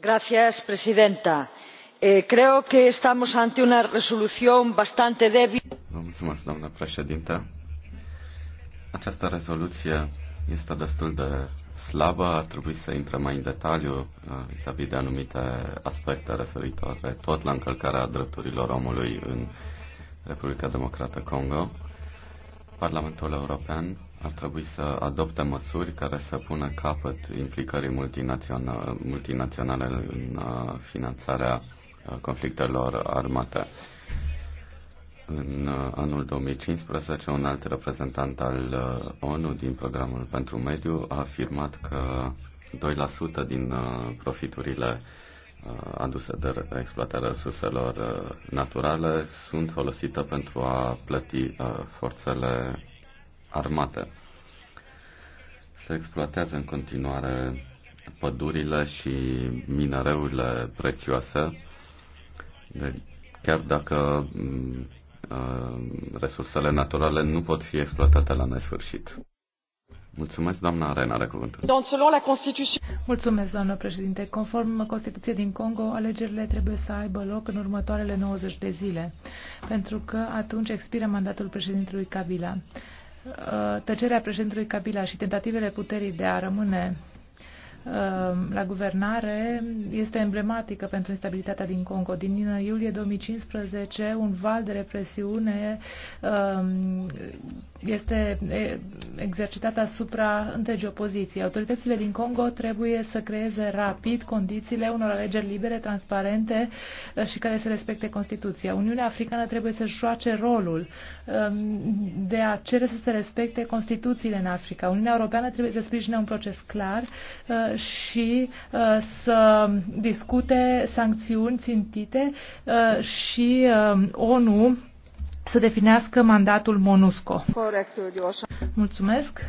Gracias, presidenta. Eh, creo que estamos ante una resolución bastante débil. Vă mulțumesc, doamna președintă această rezoluție este destul de slabă, ar trebui să intrăm mai în detaliu uh, vis-a-vis -vis de anumite aspecte referitoare tot la încălcarea drepturilor omului în Republica Democrată Congo. Parlamentul European ar trebui să adopte măsuri care să pună capăt implicării multinaționale în uh, finanțarea uh, conflictelor armate în uh, anul 2015, un alt reprezentant al uh, ONU din programul pentru mediu a afirmat că 2% din uh, profiturile aduse de exploatarea resurselor naturale sunt folosite pentru a plăti forțele armate. Se exploatează în continuare pădurile și minereurile prețioase, de, chiar dacă mm, Uh, resursele naturale nu pot fi exploatate la nesfârșit. Mulțumesc, doamna Arena, are cuvântul. Mulțumesc, doamnă președinte. Conform Constituției din Congo, alegerile trebuie să aibă loc în următoarele 90 de zile, pentru că atunci expiră mandatul președintelui Kabila. Uh, tăcerea președintelui Kabila și tentativele puterii de a rămâne Ehm, la guvernare este emblematică pentru instabilitatea din Congo. Din iulie 2015, un val de represiune ehm, este exercitat asupra întregii opoziții. Autoritățile din Congo trebuie să creeze rapid condițiile unor alegeri libere, transparente eh, și care să respecte Constituția. Uniunea Africană trebuie să joace rolul ehm, de a cere să se respecte Constituțiile în Africa. Uniunea Europeană trebuie să sprijine un proces clar eh, și uh, să discute sancțiuni țintite uh, și uh, ONU să definească mandatul MONUSCO. Corect, Mulțumesc.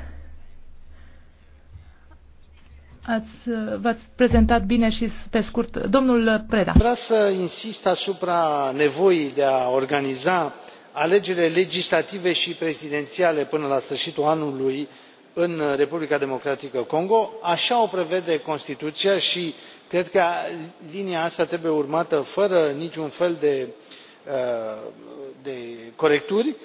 Ați, v-ați prezentat bine și pe scurt. Domnul Preda. Vreau să insist asupra nevoii de a organiza alegerile legislative și prezidențiale până la sfârșitul anului în republica democratică congo așa o prevede constituția și cred că linia asta trebuie urmată fără niciun fel uh, de corecturi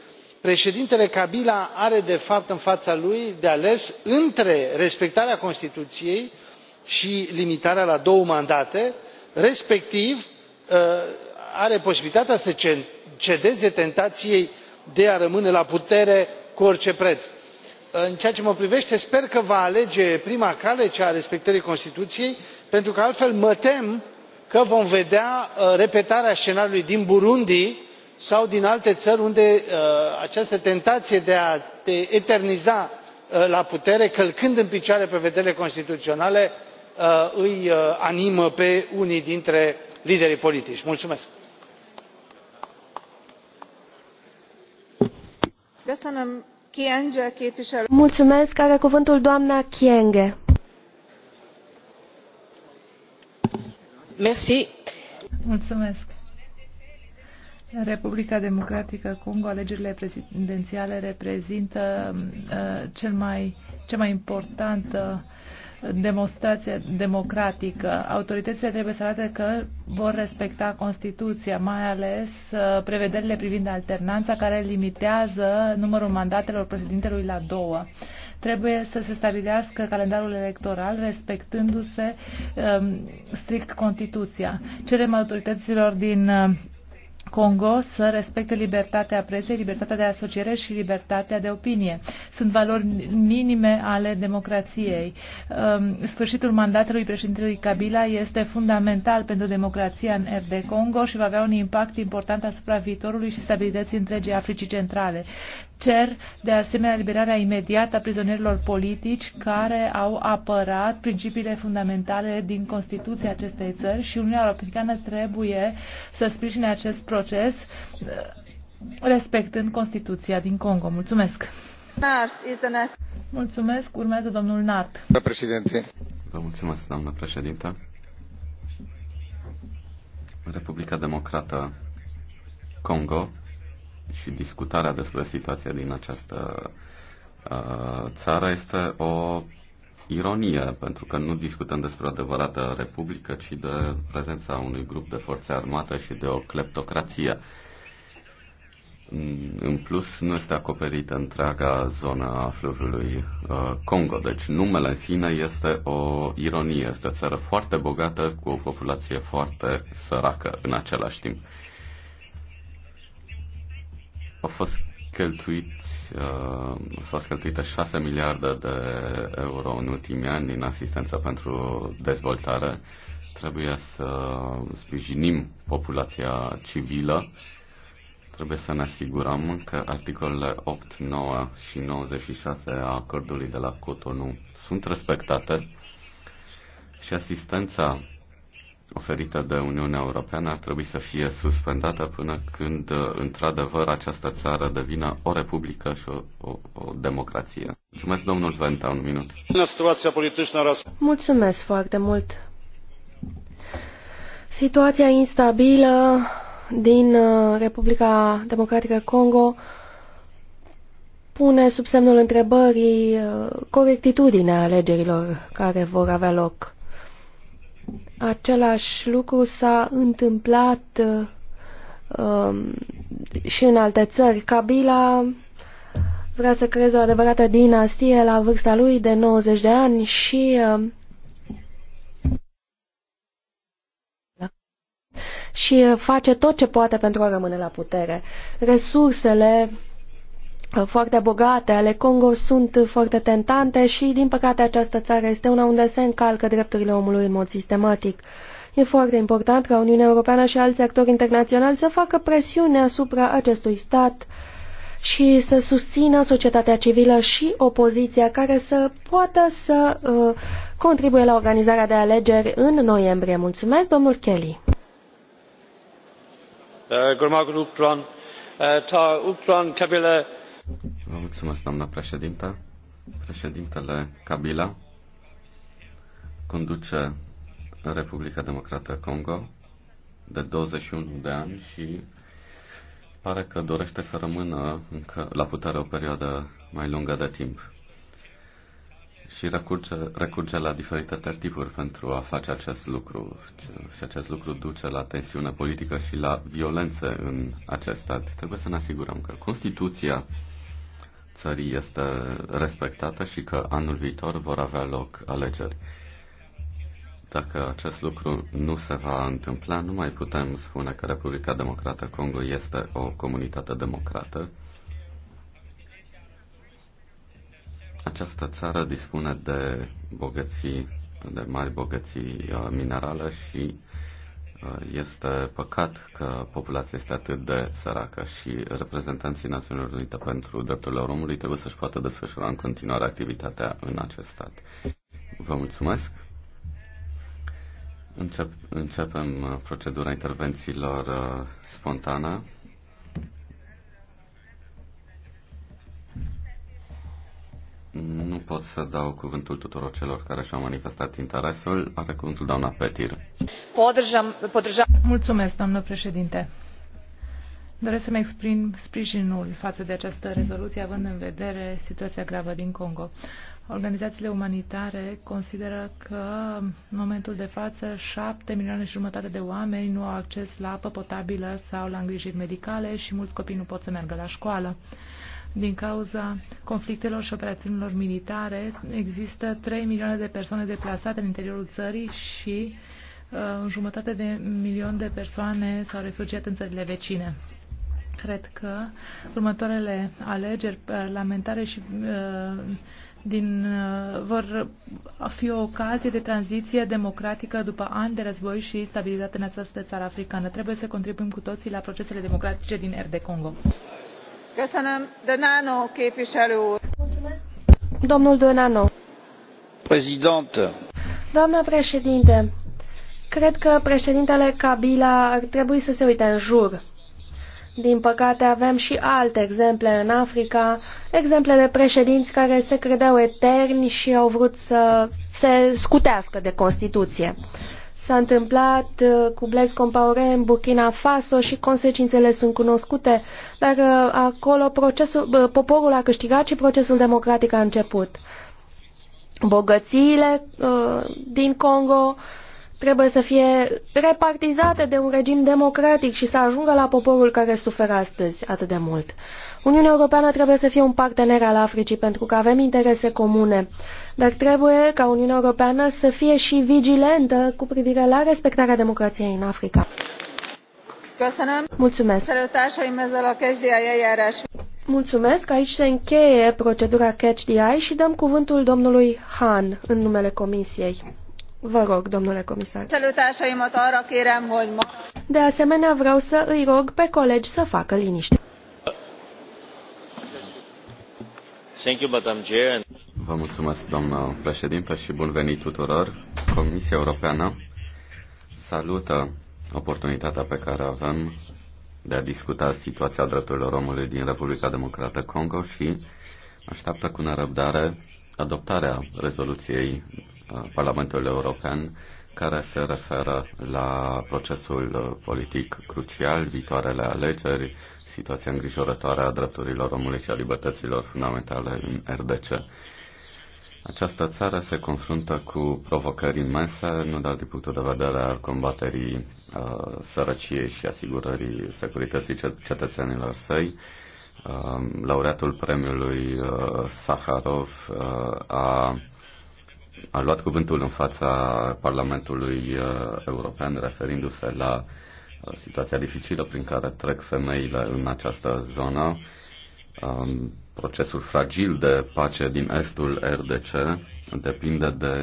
președintele kabila are de fapt în fața lui de ales între respectarea constituției și limitarea la două mandate respectiv uh, are posibilitatea să cedeze tentației de a rămâne la putere cu orice preț în ceea ce mă privește sper că va alege prima cale cea a respectării constituției pentru că altfel mă tem că vom vedea uh, repetarea scenariului din burundi sau din alte țări unde uh, această tentație de a te eterniza uh, la putere călcând în picioare prevederile constituționale îi animă pe unii dintre liderii politici. mulțumesc. Mulțumesc. Are cuvântul doamna Kienge. Merci. Mulțumesc. Republica Democratică Congo, alegerile prezidențiale reprezintă uh, cel mai, cea mai importantă uh, demonstrație democratică. Autoritățile trebuie să arate că vor respecta Constituția, mai ales uh, prevederile privind alternanța care limitează numărul mandatelor președintelui la două. Trebuie să se stabilească calendarul electoral respectându-se um, strict Constituția. Cerem autorităților din uh, Congo să respecte libertatea presei, libertatea de asociere și libertatea de opinie. Sunt valori minime ale democrației. Um, sfârșitul mandatului președintelui Kabila este fundamental pentru democrația în RD Congo și va avea un impact important asupra viitorului și stabilității întregii Africii Centrale. Cer de asemenea liberarea imediată a prizonierilor politici care au apărat principiile fundamentale din Constituția acestei țări și Uniunea Europeană trebuie să sprijine acest proces proces respectând Constituția din Congo. Mulțumesc! Mulțumesc. Urmează domnul Nart. președinte. Vă mulțumesc, doamnă președinte. Republica Democrată Congo și discutarea despre situația din această uh, țară este o ironie, pentru că nu discutăm despre o adevărată republică, ci de prezența unui grup de forțe armate și de o cleptocrație. În plus, nu este acoperită întreaga zona a fluviului uh, Congo, deci numele în sine este o ironie. Este o țară foarte bogată cu o populație foarte săracă în același timp. Au fost cheltuit uh, fost cheltuite 6 miliarde de euro în ultimii ani în asistență pentru dezvoltare. Trebuie să sprijinim populația civilă. Trebuie să ne asigurăm că articolele 8, 9 și 96 a acordului de la Cotonou sunt respectate și asistența oferită de Uniunea Europeană ar trebui să fie suspendată până când, uh, într-adevăr, această țară devină o republică și o, o, o democrație. Mulțumesc, domnul Venta, un minut. Mulțumesc foarte mult. Situația instabilă din uh, Republica Democratică Congo pune sub semnul întrebării uh, corectitudinea alegerilor care vor avea loc Același lucru s-a întâmplat um, și în alte țări. Kabila vrea să creeze o adevărată dinastie la vârsta lui de 90 de ani și um, și face tot ce poate pentru a rămâne la putere. Resursele Uh, foarte bogate ale Congo sunt foarte tentante și, din păcate, această țară este una unde se încalcă drepturile omului în mod sistematic. E foarte important ca Uniunea Europeană și alți actori internaționali să facă presiune asupra acestui stat și să susțină societatea civilă și opoziția care să poată să uh, contribuie la organizarea de alegeri în noiembrie. Mulțumesc, domnul Kelly. Uh, Vă mulțumesc, doamna președintă. Președintele Kabila conduce Republica Democrată Congo de 21 de ani și pare că dorește să rămână încă la putere o perioadă mai lungă de timp și recurge, recurge la diferite tertipuri pentru a face acest lucru și acest lucru duce la tensiune politică și la violențe în acest stat. Trebuie să ne asigurăm că Constituția țării este respectată și că anul viitor vor avea loc alegeri. Dacă acest lucru nu se va întâmpla, nu mai putem spune că Republica Democrată Congo este o comunitate democrată. Această țară dispune de bogății, de mari bogății uh, minerale și este păcat că populația este atât de săracă și reprezentanții Națiunilor Unite pentru drepturile omului trebuie să-și poată desfășura în continuare activitatea în acest stat. Vă mulțumesc! Încep, începem uh, procedura intervențiilor uh, spontane. Nu pot să dau cuvântul tuturor celor care și-au manifestat interesul. Are cuvântul doamna Petir. Mulțumesc, doamnă președinte. Doresc să-mi exprim sprijinul față de această rezoluție, având în vedere situația gravă din Congo. Organizațiile umanitare consideră că în momentul de față șapte milioane și jumătate de oameni nu au acces la apă potabilă sau la îngrijiri medicale și mulți copii nu pot să meargă la școală din cauza conflictelor și operațiunilor militare. Există 3 milioane de persoane deplasate în interiorul țării și uh, jumătate de milion de persoane s-au refugiat în țările vecine. Cred că următoarele alegeri parlamentare și uh, din, uh, vor fi o ocazie de tranziție democratică după ani de război și stabilitate în această țară africană. Trebuie să contribuim cu toții la procesele democratice din RD Congo doamnă președinte cred că președintele kabila ar trebui să se uite în jur. Din păcate avem și alte exemple în Africa, exemple de președinți care se credeau eterni și au vrut să se scutească de Constituție. S-a întâmplat uh, cu Blaise Compaoré în Burkina Faso și consecințele sunt cunoscute, dar uh, acolo procesul, uh, poporul a câștigat și procesul democratic a început. Bogățiile din Congo trebuie să fie repartizate de un regim democratic și să ajungă la poporul care suferă astăzi atât de mult. Uniunea Europeană trebuie să fie un partener al Africii pentru că avem interese comune dar trebuie ca Uniunea Europeană să fie și vigilentă cu privire la respectarea democrației în Africa. Mulțumesc! Mulțumesc! Aici se încheie procedura Catch the Eye și dăm cuvântul domnului Han în numele Comisiei. Vă rog, domnule comisar. De asemenea, vreau să îi rog pe colegi să facă liniște. Vă mulțumesc, doamnă președintă, și bun venit tuturor. Comisia Europeană salută oportunitatea pe care avem de a discuta situația drepturilor omului din Republica Democrată Congo și așteaptă cu nerăbdare adoptarea rezoluției uh, Parlamentului European care se referă la procesul uh, politic crucial, viitoarele alegeri, situația îngrijorătoare a drepturilor omului și a libertăților fundamentale în RDC. Această țară se confruntă cu provocări imense, nu doar din punctul de vedere al combaterii uh, sărăciei și asigurării securității cet- cetățenilor săi. Uh, laureatul premiului uh, Saharov uh, a, a luat cuvântul în fața Parlamentului uh, European referindu-se la uh, situația dificilă prin care trec femeile în această zonă, um, procesul fragil de pace din estul RDC depinde de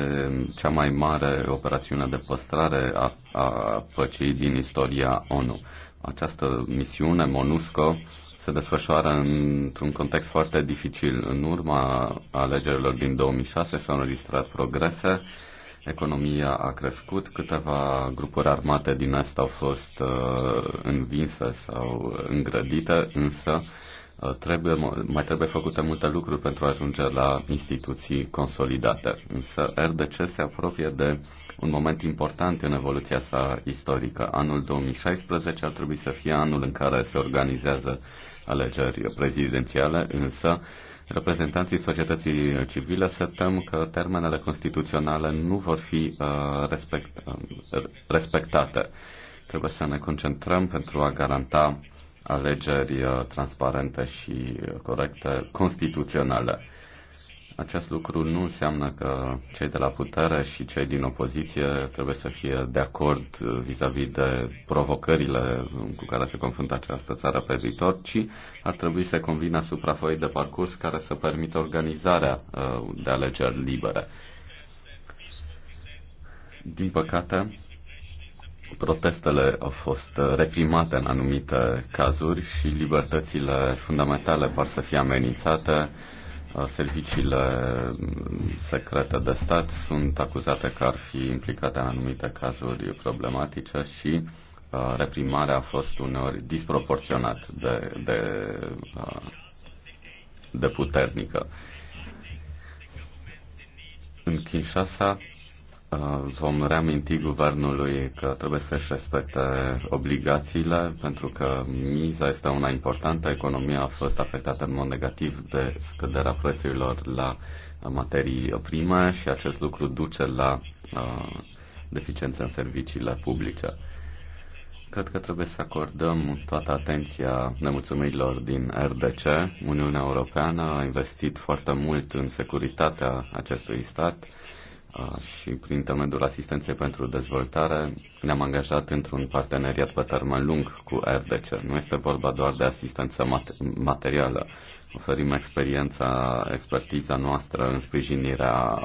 cea mai mare operațiune de păstrare a, a păcii din istoria ONU. Această misiune, MONUSCO, se desfășoară într-un context foarte dificil. În urma alegerilor din 2006 s-au înregistrat progrese Economia a crescut, câteva grupuri armate din est au fost uh, învinse sau îngrădite, însă uh, trebuie, mai trebuie făcute multe lucruri pentru a ajunge la instituții consolidate. Însă RDC se apropie de un moment important în evoluția sa istorică. Anul 2016 ar trebui să fie anul în care se organizează alegeri prezidențiale, însă uh, reprezentanții societății civile să tem că termenele constituționale nu vor fi uh, respect, uh, respectate. Trebuie să ne concentrăm pentru a garanta alegeri uh, transparente și corecte constituționale. Acest lucru nu înseamnă că cei de la putere și cei din opoziție trebuie să fie de acord vis-a-vis -vis de provocările cu care se confruntă această țară pe viitor, ci ar trebui să convină asupra foii de parcurs care să permită organizarea uh, de alegeri libere. Din păcate, protestele au fost reprimate în anumite cazuri și libertățile fundamentale par să fie amenințate serviciile mm, secrete de stat sunt acuzate că ar fi implicate în anumite cazuri problematice și reprimarea a fost uneori disproporționat de, de, de puternică. În Kinshasa Uh, vom reaminti guvernului că trebuie să-și respecte obligațiile, pentru că miza este una importantă. Economia a fost afectată în mod negativ de scăderea prețurilor la materii prime și acest lucru duce la uh, deficiențe în serviciile publice. Cred că trebuie să acordăm toată atenția nemulțumirilor din RDC. Uniunea Europeană a investit foarte mult în securitatea acestui stat și prin intermediul asistenței pentru dezvoltare ne-am angajat într-un parteneriat pe termen lung cu RDC. Nu este vorba doar de asistență mat- materială. Oferim experiența, expertiza noastră în sprijinirea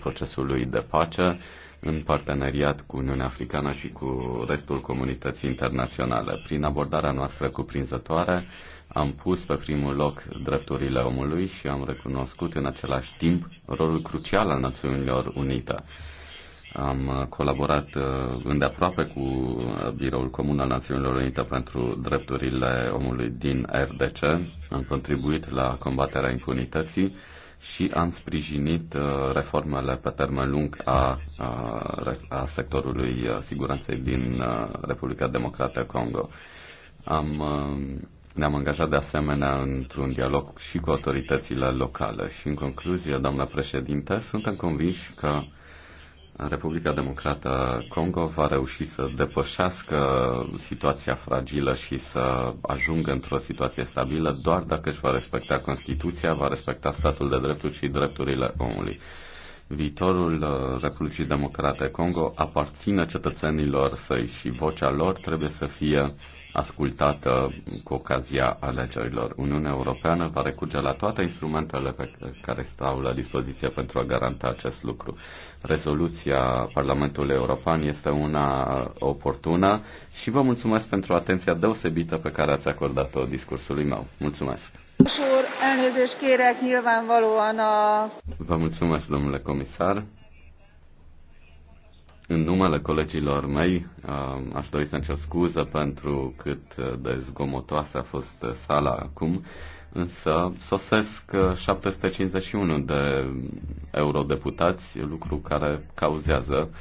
procesului de pace, în parteneriat cu Uniunea Africană și cu restul comunității internaționale. Prin abordarea noastră cuprinzătoare, am pus pe primul loc drepturile omului și am recunoscut în același timp rolul crucial al Națiunilor Unite. Am colaborat uh, îndeaproape cu uh, Biroul Comun al Națiunilor Unite pentru Drepturile Omului din RDC. Am contribuit la combaterea impunității și am sprijinit uh, reformele pe termen lung a, a, sectorului uh, siguranței din uh, Republica Democrată Congo. Am, ne-am angajat de asemenea într-un dialog și cu autoritățile locale și în concluzie, doamnă președinte, suntem convinși că Republica Democrată Congo va reuși să depășească situația fragilă și să ajungă într-o situație stabilă doar dacă își va respecta Constituția, va respecta statul de drepturi și drepturile omului. Viitorul uh, Republicii Democrate Congo aparține cetățenilor săi și vocea lor trebuie să fie ascultată cu ocazia alegerilor. Uniunea Europeană va recurge la toate instrumentele pe care stau la dispoziție pentru a garanta acest lucru rezoluția Parlamentului European este una oportună și vă mulțumesc pentru atenția deosebită pe care ați acordat-o discursului meu. Mulțumesc! Vă mulțumesc, domnule comisar. În numele colegilor mei, aș dori să încerc scuză pentru cât de zgomotoasă a fost sala acum însă sosesc 751 uh, de eurodeputați, lucru care cauzează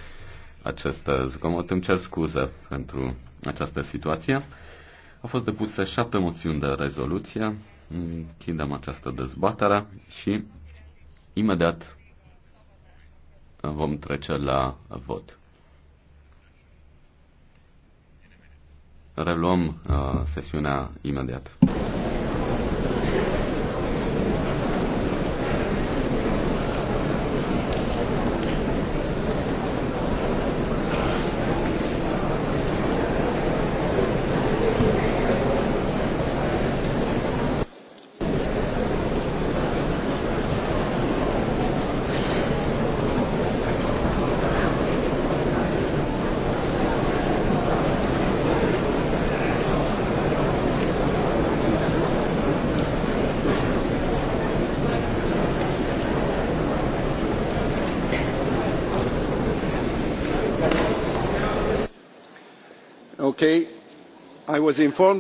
acest zgomot. Îmi cer scuze pentru această situație. Au fost depuse șapte moțiuni de rezoluție. Închidem această dezbatere și imediat uh, vom trece la vot. Reluăm uh, sesiunea imediat. was informed